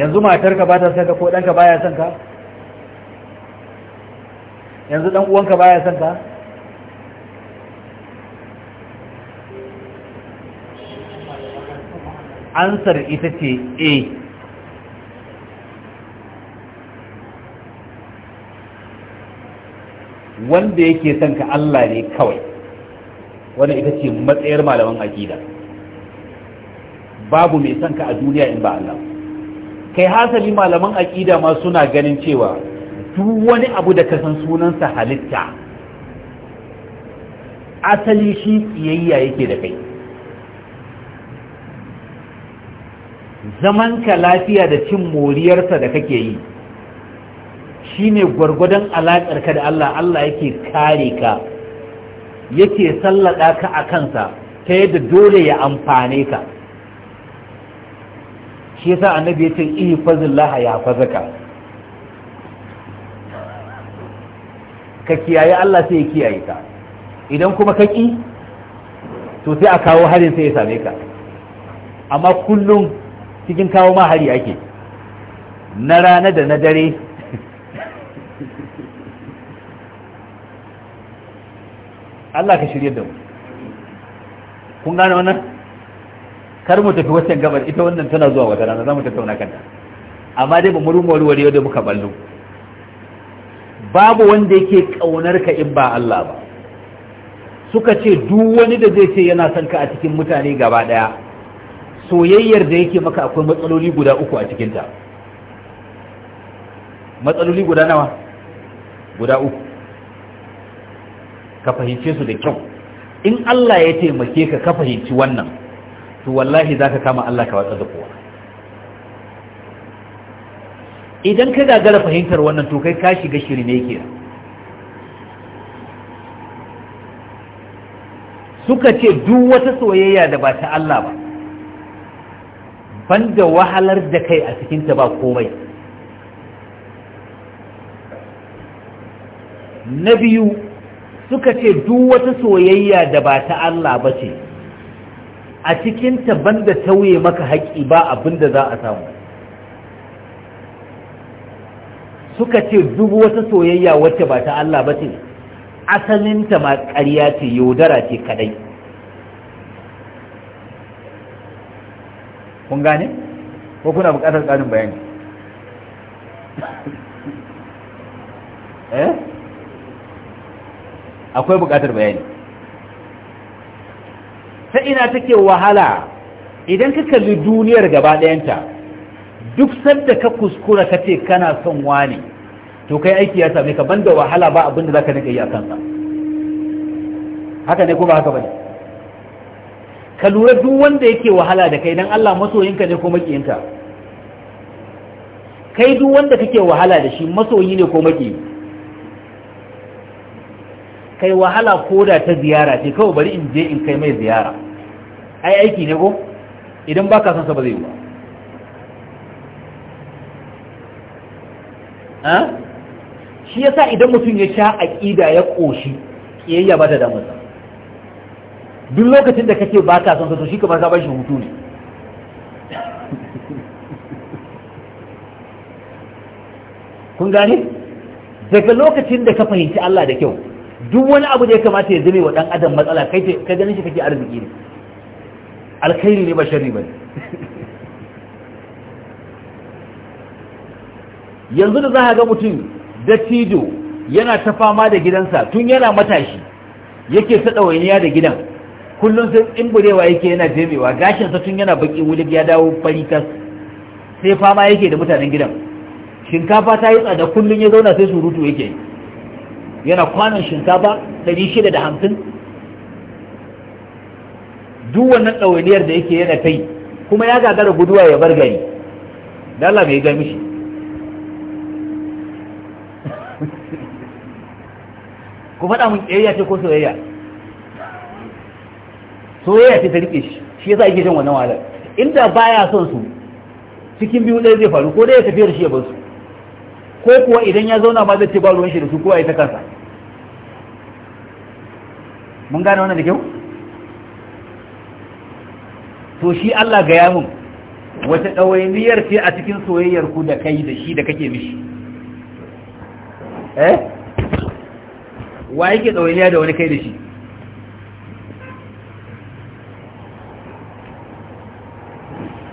yanzu matarka ba ta son ka ko danka ya son ka yanzu dan uwanka ba ya son ka ansar ita ce a wanda yake son ka Allah ne kawai wanda ita ce matsayar malaman akida babu mai son ka a duniya in ba Allah kai hasali malaman akida ma suna ganin cewa duk wani abu da ka san sunansa halitta asali shi tsiyayya yake da kai zaman ka lafiya da cin moriyarsa da kake yi shine gwargwadon alaƙarka da Allah Allah yake kare ka yake sallaka ka a kansa ta yadda dole ya amfane ka shi yasa annabi yace ihi fazillaha ya fazaka ka kiyaye Allah sai ya kiyaye ka idan kuma ka ki to sai a kawo harin sai ya same ka amma kullum cikin kawo ma hari ake na rana da na dare Allah ka shirye da mu kun gane wannan kar mu tafi waccan gabar ita wannan tana zuwa wata rana za mu tattauna kanta amma dai ba mu rumu warware da muka ballo babu wanda yake kaunar ka in ba Allah ba suka ce duk wani da zai ce yana son ka a cikin mutane gaba daya soyayyar da yake maka akwai matsaloli guda uku a cikinta matsaloli guda nawa guda uku ka fahimce su da kyau in Allah ya taimake ka ka fahimci wannan to wallahi za ka kama Allah ka watsa da kowa idan ka gagara fahimtar wannan to kai ka shiga shiri ne ke suka ce duk wata soyayya da ba ta Allah ba banda wahalar da kai a cikinta ba komai na biyu suka ce duk wata soyayya da ba ta Allah ba ce a cikinta banda tauye maka haƙƙi ba abinda za a samu suka ce duk wata soyayya wacce ba ta Allah ba ce asalinta ma ƙarya ce yaudara ce kadai kun gane ko kuna buƙatar ƙarin bayani eh akwai buƙatar bayani ta ina take wahala idan ka kalli duniyar gaba ɗayanta duk sanda ka kuskura ka ce kana son wani to kai aiki ya same ka banda wahala ba abinda zaka nika yi a kansa haka ne ko ba haka bane ka lura duk wanda yake wahala da kai don Allah masoyinka ne ko makiyinka kai duk wanda kake wahala da shi masoyi ne ko maki kai wahala ko da ta ziyara ce kawai bari in je in kai mai ziyara ai aiki ne ko idan baka son sansa ba zai yi ba ha ah? shi yasa idan mutum ya sha aqida ya ƙoshi, ƙiyayya ba ta da masa duk lokacin da kake ba ka son ka to shi kamar ka shi hutu ne kun gane daga lokacin da ka fahimci Allah da kyau duk wani abu da ya kamata ya zame wa dan adam matsala kai ka ganin shi kake arziki ne alkhairi ne ba sharri ba yanzu da za a ga mutum da tido yana ta fama da gidansa tun yana matashi yake ta ɗawainiya da gidan kullum sai burewa yake yana jemewa gashinsa tun yana baki wulib ya dawo fari tas sai fama yake da mutanen gidan shinkafa ta yi tsada kullum ya zauna sai surutu yake yana kwanan shinkafa dari shida da hamsin duk wannan ɗawainiyar da yake yana kai kuma ya gagara guduwa ya bar gari da Allah mai gami shi ku faɗa mun ƙiyayya ce ko soyayya ya ce ta riƙe shi shi ya sa yake shan wannan wahalar inda baya son su cikin biyu ɗaya zai faru ko dai ya tafi da shi ya bar su ko kuwa idan ya zauna ma zai ce ba ruwan shi da su kowa ya ta kansa mun gane wannan da kyau to shi Allah gaya mun wata ɗawainiyar ce a cikin soyayyar ku da kai da shi da kake mishi eh wa yake ɗawainiya da wani kai da shi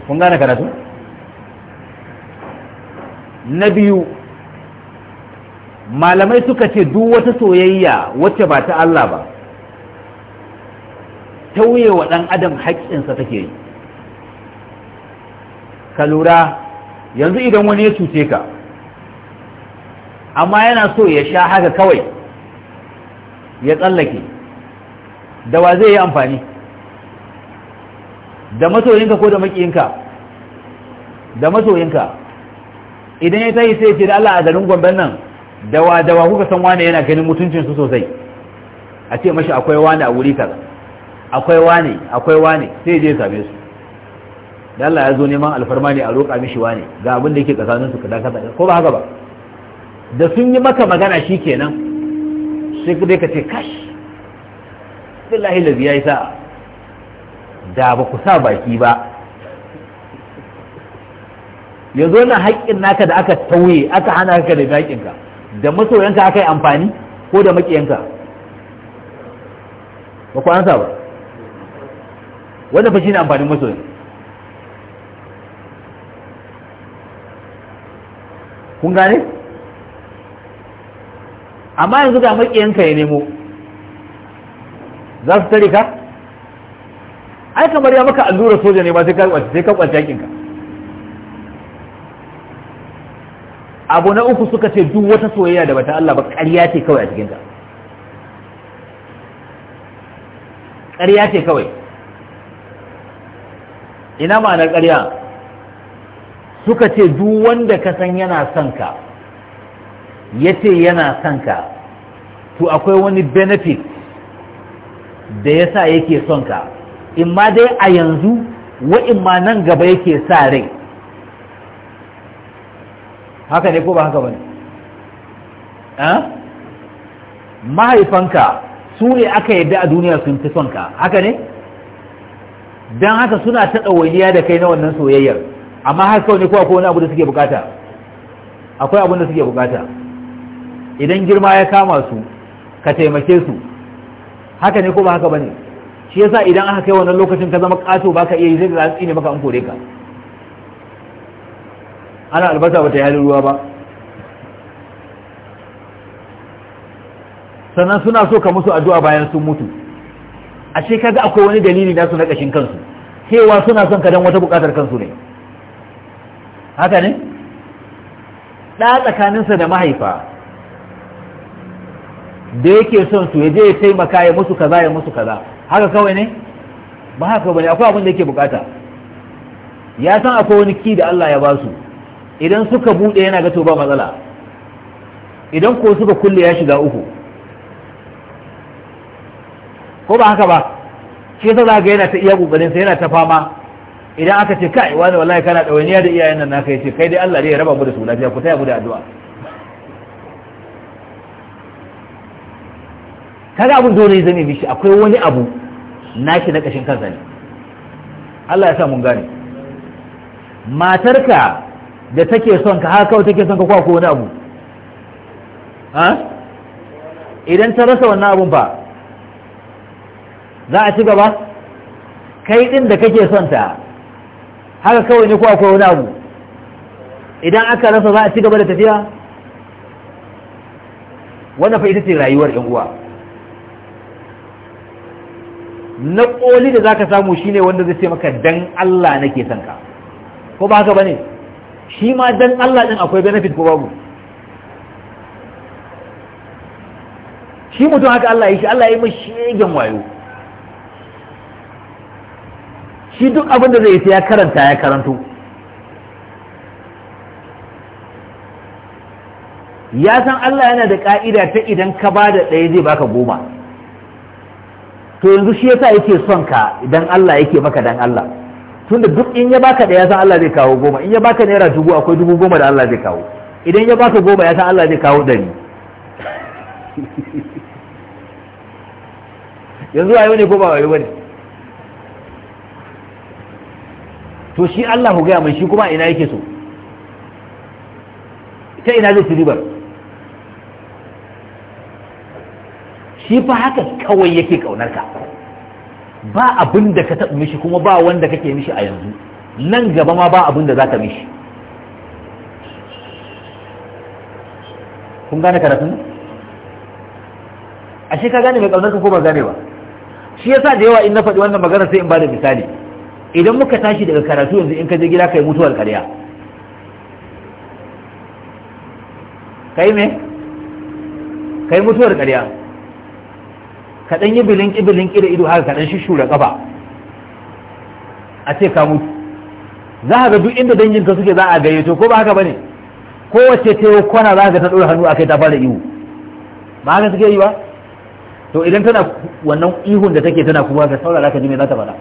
kun gane karatu na biyu malamai suka ce duk wata soyayya wacce ba ta Allah ba tauye wa ɗan adam haƙƙinsa take yi ka lura yanzu idan wani ya cuce ka amma yana so ya sha haka kawai ya tsallake da wa zai yi amfani da masoyinka ko da makiyinka da masoyinka idan ya tayi sai ce da Allah a garin gomben nan dawa dawa kuka san wane yana ganin mutuncin su sosai a ce mashi akwai wane a wuri kaza akwai wane akwai wane sai je same su da Allah ya zo neman alfarma ne a roƙa mishi wane ga abin da yake kasanin su kada kaza ko ba haka ba da sun yi maka magana shikenan sai dai ka ce kash billahi lazi yayi sa'a da ba ku sa baki ba ya zo na haƙƙin naka da aka tauye aka hana ka da haƙƙinka da masoyanka aka yi amfani ko da maƙiyanka ba ku ansa ba wanda fa ne amfanin masoyan kun gane amma yanzu ga maƙiyanka ya nemo za su tare ka ai kamar ya maka allura soja ne ba sai ka kwace sai ka kwace yakin ka abu na uku suka ce duk wata soyayya da bata Allah ba ƙarya ce kawai a cikin ta ƙarya ce kawai ina ma'anar ƙarya suka ce duk wanda ka san yana son ka ya ce yana son ka to akwai wani benefit da ya sa yake son ka in ma dai a yanzu wa in ma nan gaba yake sa rai haka ne ko ba haka ba ne mahaifanka su ne aka yadda a duniya sun fi son ka haka ne don haka suna ta ɗawainiya da kai na wannan soyayyar amma har kawai ne ko akwai wani abu da suke bukata akwai abin da suke bukata idan girma ya kama su ka taimake su haka ne ko ba haka ba ne shi yasa idan aka kai wannan lokacin ka zama kato baka iya yi zai ga ne maka an kore ka ana albasa bata yi ruwa ba sannan suna so ka musu addu'a bayan sun mutu a ce kaga akwai wani dalili su na kashin kansu cewa suna son ka dan wata bukatar kansu ne haka ne Da tsakaninsa da mahaifa da yake son su ya je ya taimaka ya musu kaza ya musu kaza haka kawai ne ba haka bane akwai abin da yake bukata ya san akwai wani ki da Allah ya basu su idan suka bude yana ga to ba matsala idan ko suka kulle ya shiga uku ko ba haka ba shi yasa zaka yana ta iya kokarin sa yana ta fama idan aka ce kai wani wallahi kana dawainiya da iyayen nan naka yace kai dai Allah ne ya raba mu da su lafiya ku taya mu da addu'a kaga abin dole ya zame mishi akwai wani abu naki na kashin kansa ne Allah ya sa mun gane matarka da take son ka haka take son ka kwa ko wani abu ha idan ta rasa wannan abun ba za a ci gaba kai din da kake son ta haka kawai ne kwa ko wani abu idan aka rasa za a ci gaba da tafiya wannan fa ita ce rayuwar yan uwa na ƙoli da zaka samu shine wanda zai ce maka dan Allah nake son ka ko ba haka bane shi ma dan Allah din akwai benefit ko babu shi mutum haka Allah ya shi Allah ya yi mashi shegen wayo shi duk abin da zai yi sai ya karanta ya karanto ya san Allah yana da ka'ida ta idan ka ba da ɗaya zai baka goma to yanzu shi yasa yake son ka idan Allah yake maka dan Allah tunda duk in ya baka da ya san Allah zai kawo goma in ya baka naira dubu akwai dubu goma da Allah zai kawo idan ya baka goma ya san Allah zai kawo dari yanzu wayo ne ko ba wayo bane to shi Allah ku gaya mai shi kuma ina yake so ta ina zai ci ribar shi fa haka kawai yake kaunar ka ba abin da ka taɓa mishi kuma ba wanda kake mishi a yanzu nan gaba ma ba abin da za ka mishi kun gane karatun ashe ka gane mai kaunar ka ko ba gane ba shi yasa da yawa in na faɗi wannan magana sai in bada misali idan muka tashi daga karatu yanzu in ka je gida kai mutuwar karya kai me kai mutuwar karya Kaɗan yi bilin bilin da ido haka kaɗan shi shura ƙafa. a ce ka mutu za ga duk inda danginka suke za a gayyato ko ba haka bane kowace ce kwana za ka ta ɗora hannu a kai ta fara ihu ba haka suke yi ba to idan tana wannan ihun da take tana kuma ga za ka ji me za ta faɗa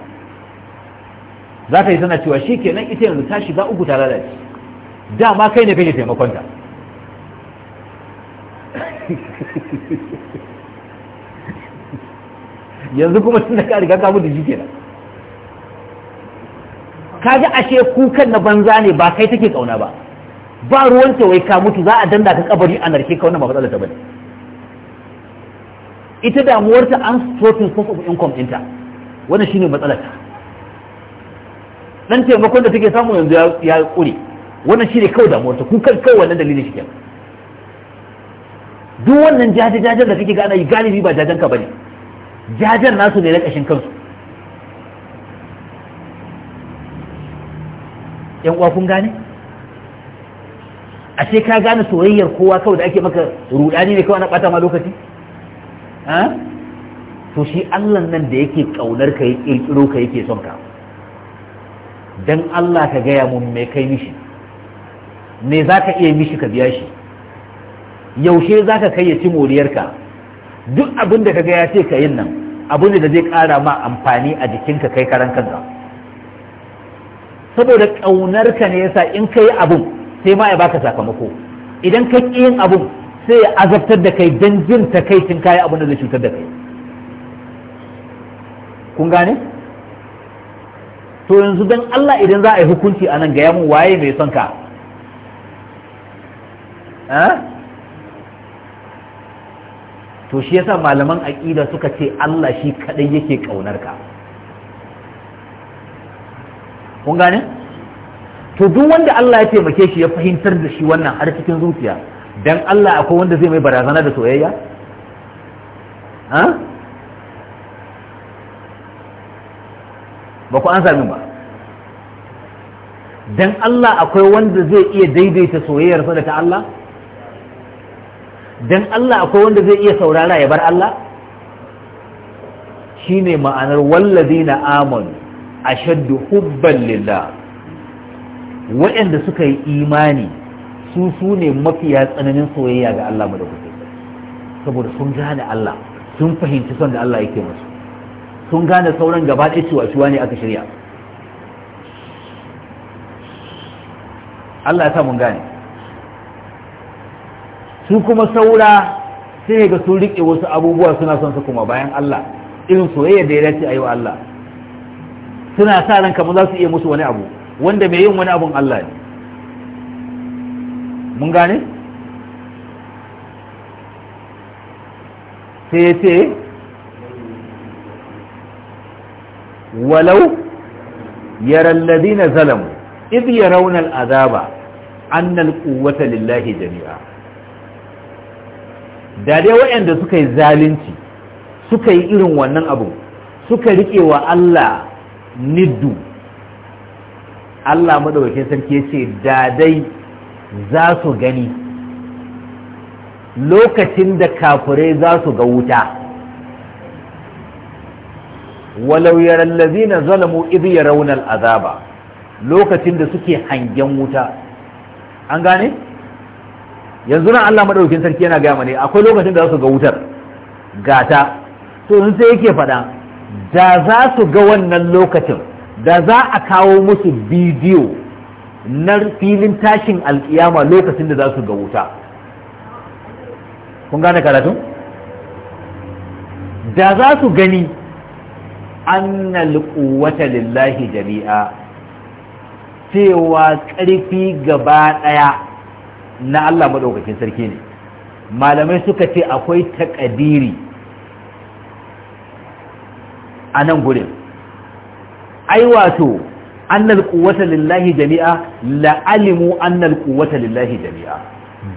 za ka yi tana cewa shi kenan ita yanzu ta shiga uku ta lalace dama kai ne kake taimakonta yanzu kuma tun da ka riga ka mutu shi ka ji ashe kukan na banza ne ba kai take kauna ba ba ruwan wai ka mutu za a danda ka kabari a narke ka wannan ba matsalar ta bane ita damuwarta an stopping source of income ɗinta wannan shine matsalar ta dan taimakon da take samu yanzu ya kure wannan shine kawai damuwarta kukan kawai wannan dalilin shi kenan duk wannan jaje-jajen da kake gana yi galibi ba jajen ka bane jajar nasu ne na kansu yan kun gane ashe ka gane soyayyar kowa kawai da ake maka rudani ne kawai na ɓata ma lokaci to shi Allah nan da yake ƙaunar ka ya ƙirƙiro ka yake son ka don Allah ka gaya mun mai kai mishi me za ka iya mishi ka biya shi yaushe za ka kai ya ci moriyarka duk abin da kaga ya ce ka yin nan abu ne da zai ƙara ma amfani a jikinka kai karan kanka saboda ƙaunar ka ne yasa in ka yi abun sai ma ya baka sakamako idan ka ƙi yin abun sai ya azabtar da kai don jin takaicin kayi abun da zai cutar da kai kun gane to yanzu don Allah idan za a yi hukunci a nan ga yamu waye mai son ka to shi yasa malaman aqida suka ce Allah shi kaɗai yake kaunar ka kun gane to duk wanda Allah ya taimake shi ya fahimtar da shi wannan har cikin zuciya dan Allah akwai wanda zai mai barazana da soyayya ha ba ku an sami ba dan Allah akwai wanda zai iya daidaita soyayyarsa da ta Allah dan Allah akwai wanda zai iya saurara ya bar Allah Shi ne ma'anar wallazi na amanu ashaddu hubban lillah waɗanda suka yi imani su su ne mafiya tsananin soyayya ga Allah mu da kuke saboda sun gane Allah sun fahimci son da Allah yake masu. sun gane sauran gaba ɗaya cewa ne aka shirya Allah ya sa mun gane su kuma saura sai ga sun riƙe wasu abubuwa suna son su kuma bayan Allah irin soyayya da ya dace a yi wa Allah suna sa ran kamar za su iya musu wani abu wanda mai yin wani abun Allah ne mun gane sai ya ce walau yaran zalamu idh yarawna al'azaba annal quwwata lillahi jami'a da dai waɗanda suka yi zalunci suka yi irin wannan abu suka riƙe wa Allah niddu Allah maɗaukakin sarki ya ce da dai za su gani lokacin da kafirai za su ga wuta walau yaran lazina zalamu ya raunar azaba lokacin da suke hangen wuta an gane yanzu nan Allah madaukin sarki yana gaya mana akwai lokacin da za su ga wutar gata to in sai yake faɗa da za su ga wannan lokacin da za a kawo musu bidiyo na filin tashin alkiyama lokacin da za su ga wuta kun gane karatu? da za su gani annal quwwata lillahi jami'a cewa ƙarfi gaba ɗaya na Allah maɗaukakin sarki ne malamai suka ce akwai takadiri a nan gurin ai wato annal ƙuwata lillahi jami'a la'alimu annal quwwata lillahi jami'a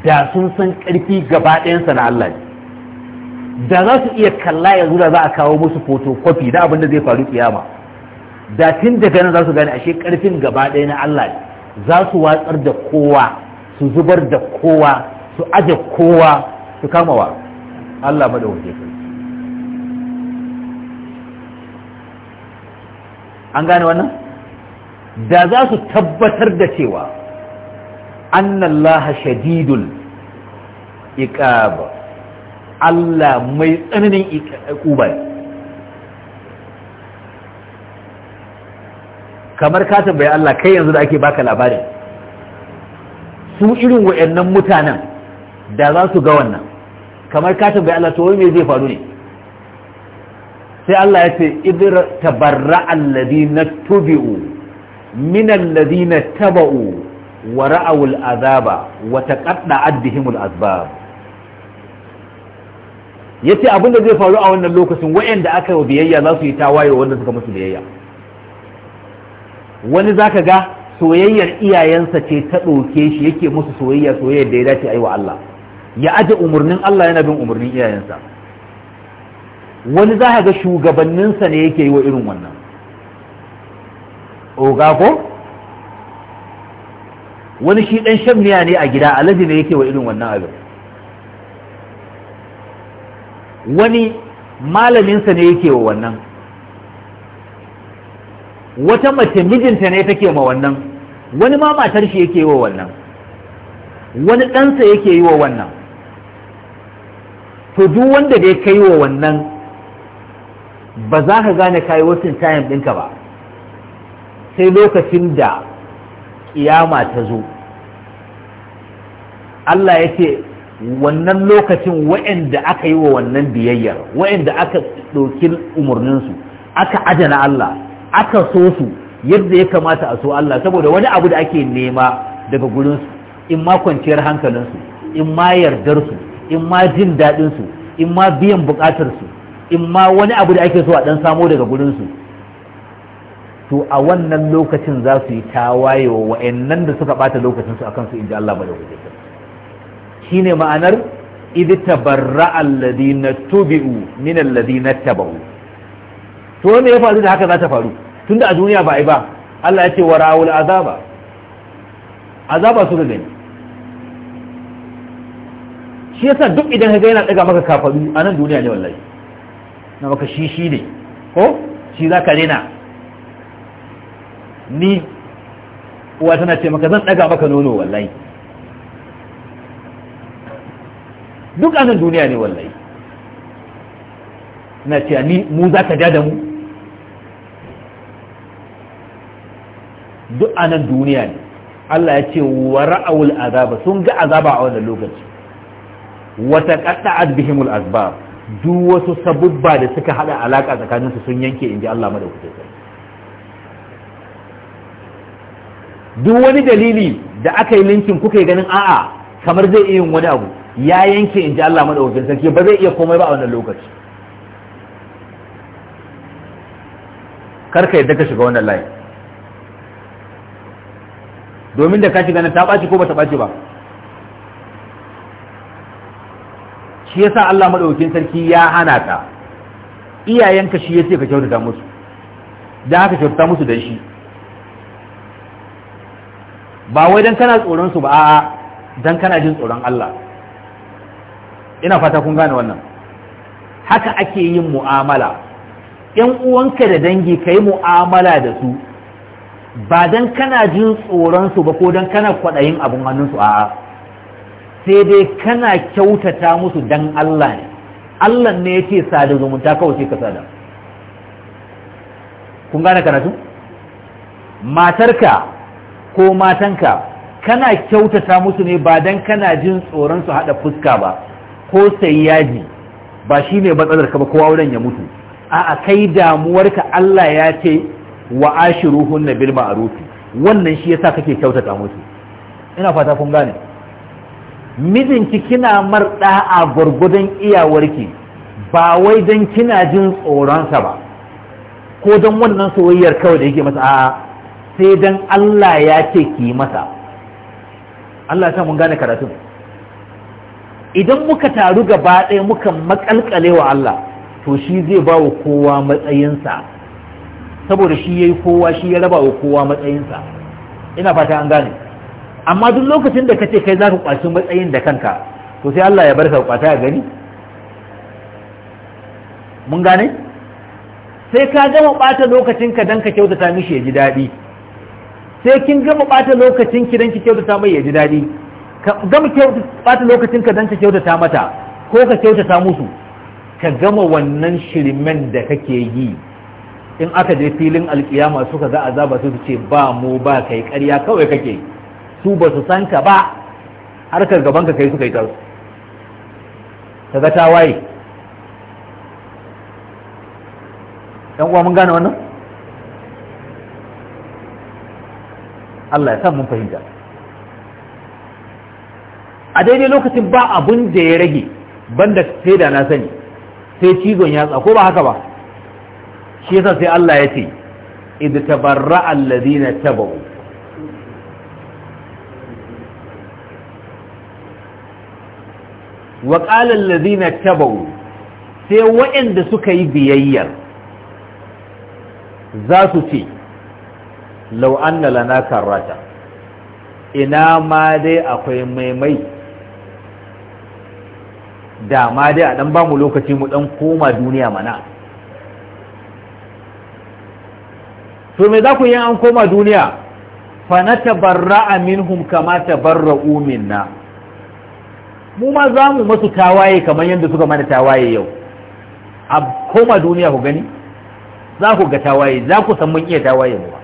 da sun san ƙarfi gaba ɗayansa na Allah ne da za su iya kalla yanzu da za a kawo musu fotokofi. da abin da zai faru kiyama da tun daga nan za su gane ashe karfin gaba ɗaya na Allah ne za su watsar da kowa su zubar da kowa su aje kowa su kama wa Allah madawake kai an gane wannan da za su tabbatar da cewa annallaha shadidul iqab Allah mai tsananin iqaba kamar ka tambayi Allah kai yanzu da ake baka labarin su irin wa'annan mutanen da za su ga wannan kamar katin bai Allah to me zai faru ne sai Allah ya ce idir tabarra alladhina tubi'u min alladhina taba'u wa ra'aw al'azaba wa taqadda bihim al'asbab yace abin da zai faru a wannan lokacin wa'anda aka yi biyayya za su yi tawaye wanda suka musu biyayya wani zaka ga soyayyar iyayensa ce ta ɗauke shi yake musu soyayya soyayyar da ya dace a yi wa Allah ya aje umarnin Allah yana bin umarnin iyayensa wani za ka ga shugabanninsa ne yake yi wa irin wannan oga ko wani shi ɗan shamniya ne a gida alaji ne yake wa irin wannan abin wani malaminsa ne yake wa wannan wata mace mijinta ne take ma wannan wani ma matar shi yake yi wa wannan wani ɗansa yake yi wa wannan to duk wanda da ya kai wa wannan ba za ka gane kayi wasu tayin ɗinka ba sai lokacin da ƙiyama ta zo Allah ya ce wannan lokacin wa'anda aka yi wa wannan biyayyar wa'anda aka ɗauki umarninsu aka ajana Allah aka so su yadda ya kamata a so Allah saboda wani abu da ake nema daga gurinsu in ma kwanciyar hankalinsu in ma yardarsu in ma jin daɗinsu in ma biyan buƙatarsu in ma wani abu da ake so a ɗan samo daga gurinsu to a wannan lokacin za su yi tawayewa wa'annan da suka ɓata lokacinsu a kansu in ji Allah madawwacin shi ne ma'anar idi tabarra alladhina tubi'u min alladhina tabau to me ya faru da haka za ta faru tunda a duniya ba a yi ba Allah ya ce wa rawul azaba azaba su gani shi yasa duk idan kaga yana daga maka kafaru a nan duniya ne wallahi na maka shi shi ne ko shi zaka rena ni uwa tana ce maka zan daga maka nono wallahi duk anan duniya ne wallahi na ce ni mu za ka ja da mu duk a nan duniya ne Allah ya ce wa ra'awul azaba sun ga azaba a wannan lokaci wata qatta'at bihimul azbab duk wasu sabubba da suka hada alaka tsakanin su sun yanke inji Allah madaukakin sarki duk wani dalili da aka yi linkin kuka yi ganin a'a kamar zai iya yin wani abu ya yanke inji Allah madaukakin sarki ba zai iya komai ba a wannan lokaci karka yadda ka shiga wannan layin domin da ka shiga nan ta ɓaci ko ba ta ɓaci ba shi ya sa Allah Maɗaukin sarki ya hana ka iyayenka shi ce ka kyautata musu don haka kyautata musu da shi ba wai don kana tsoron su ba a'a don kana jin tsoron Allah ina fata kun gane wannan haka ake yin mu'amala yan uwanka da dangi ka yi mu'amala da su ba don kana jin tsoronsu ba ko don kana kwaɗayin abin hannunsu a sai dai kana kyautata musu don Allah ne Allah ne ya ce sada zumunta kawai sai ka sada kun gane karatu matarka ko matanka kana kyautata musu ne ba don kana jin tsoronsu haɗa fuska ba ko sai yaji ba shi ne matsalarka ba kowa wurin ya mutu a'a kai damuwarka Allah ya ce wa na bilma a rufi wannan shi yasa kake kyautata musu ina fata kun gane mijinki kina marɗa a gwargwadon iyawarki ba wai don kina jin tsoronsa ba ko don wannan soyayyar kawai da yake masa a'a sai don Allah ya ce ki masa Allah ya mun gane karatun idan muka taru gaba ɗaya muka makalkale wa Allah to shi zai ba wa kowa matsayinsa saboda shi ya yi kowa shi ya raba wa kowa matsayinsa ina fata an gane amma duk lokacin da kace kai za ka kwaci matsayin da kanka to sai Allah ya bar ka kwata ya gani mun gane sai ka gama ɓata lokacinka dan ka kyautata mishi ya ji daɗi sai kin gama ɓata lokacin ki don ki kyautata mai ya ji daɗi ka gama ɓata lokacinka dan ka kyautata mata ko ka kyautata musu ka gama wannan shirmen da kake yi in aka je filin alkiyama suka ga azaba su ce ba mu ba kai ƙarya kawai kake su ba su san ka ba harkar gaban ka kai suka yi tarsu kaga ta waye ɗan uwa mun gane wannan Allah ya san mun fahimta a daidai lokacin ba abun da ya rage banda sai da na sani sai cizon yatsa ko ba haka ba shi yasa sai Allah ya ce idh tabarra'a alladhina tabu wa qala alladhina tabu sai waɗanda suka yi biyayyar za su ce law anna lana karrata ina ma dai akwai maimai da ma dai a dan ba mu lokaci mu ɗan koma duniya mana to me za ku yi an koma duniya fa na tabarra'a minhum kama tabarra'u na. mu ma za mu masu tawaye kamar yadda suka mana tawaye yau a koma duniya ku gani za ku ga tawaye za ku san mun iya tawaye mu ba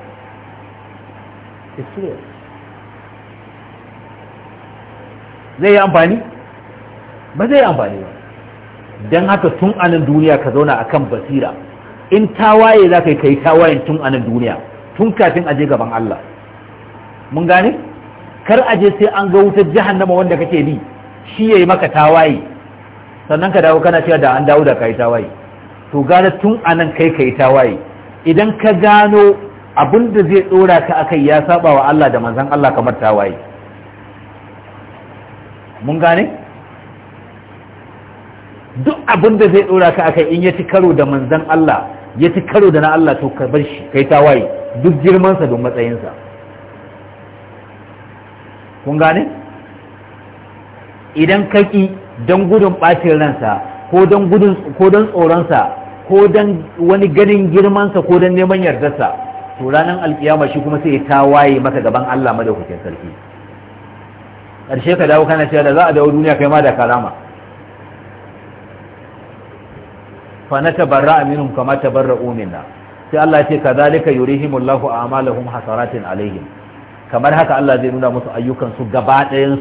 zai yi amfani ba zai yi amfani ba don haka tun anan duniya ka zauna akan basira in tawaye za ka yi ka kai tawayen tun a nan duniya tun kafin aje gaban Allah mun gane kar a je sai an ga wutar jahannama wanda kake bi shi yayi maka tawaye sannan ka dawo kana cewa da an dawo da kai tawaye to gane tun a nan kai kai tawaye idan ka gano abin da zai dora ka akai ya saba wa Allah da manzon Allah kamar tawaye mun gane duk abin da zai dora ka akai in ya ci karo da manzan Allah ya ci karo da na Allah to ka bar shi kai tawaye duk girmansa don matsayinsa kun gane idan kaki don gudun ɓacin ransa ko don tsoronsa ko don wani ganin girmansa ko don neman yardarsa to ranar alkiyama shi kuma sai ya waye maka gaban Allah madaukakin sarki ƙarshe ka dawo kana cewa da za a dawo duniya kai ma da karama fa natabarra minhum kama tabarra'u minna sai Allah ya ce kadhalika yurihimullahu a'malahum hasaratin alaihim kamar haka Allah zai nuna musu ayyukansu gaba ɗayan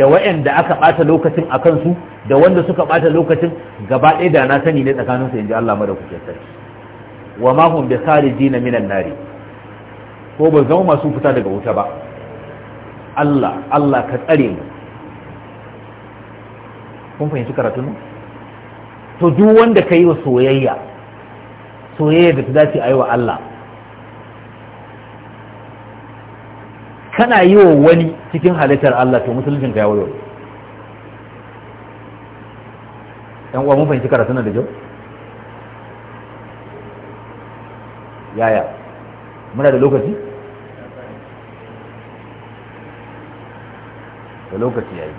da waɗanda aka ɓata lokacin a kansu da wanda suka ɓata lokacin gaba ɗaya da na sani ne tsakanin su inji Allah mada kuke sarki wa ma hum bi kharijin minan nari ko ba zama masu fita daga wuta ba Allah Allah ka tsare mu kun fahimci karatun nan to duk wanda ka yi wa soyayya soyayya da ta dace a yi wa Allah kana yi wa wani cikin halittar Allah to musulcin ka ya wayo yan uwa mun fahimci karatun da kyau yaya muna da lokaci da lokaci yayi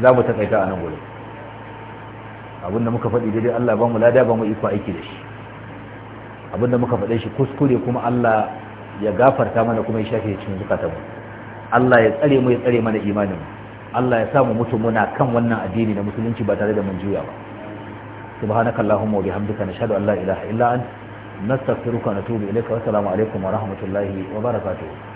za mu taƙaita a nan gudu abinda muka faɗi daidai Allah ba mu lada ba mu iko aiki da shi abinda muka faɗe shi kuskure kuma Allah ya gafarta mana kuma ya shafe cikin zukatan mu Allah ya tsare mu ya tsare mana imanin Allah ya sa mu mutu muna kan wannan addini na musulunci ba tare da mun juya ba subhanaka allahumma wa bihamdika nashhadu an la ilaha illa anta nastaghfiruka wa natubu ilayka wa assalamu alaikum wa rahmatullahi wa barakatuh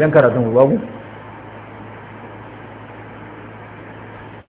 wajen tá karatun logo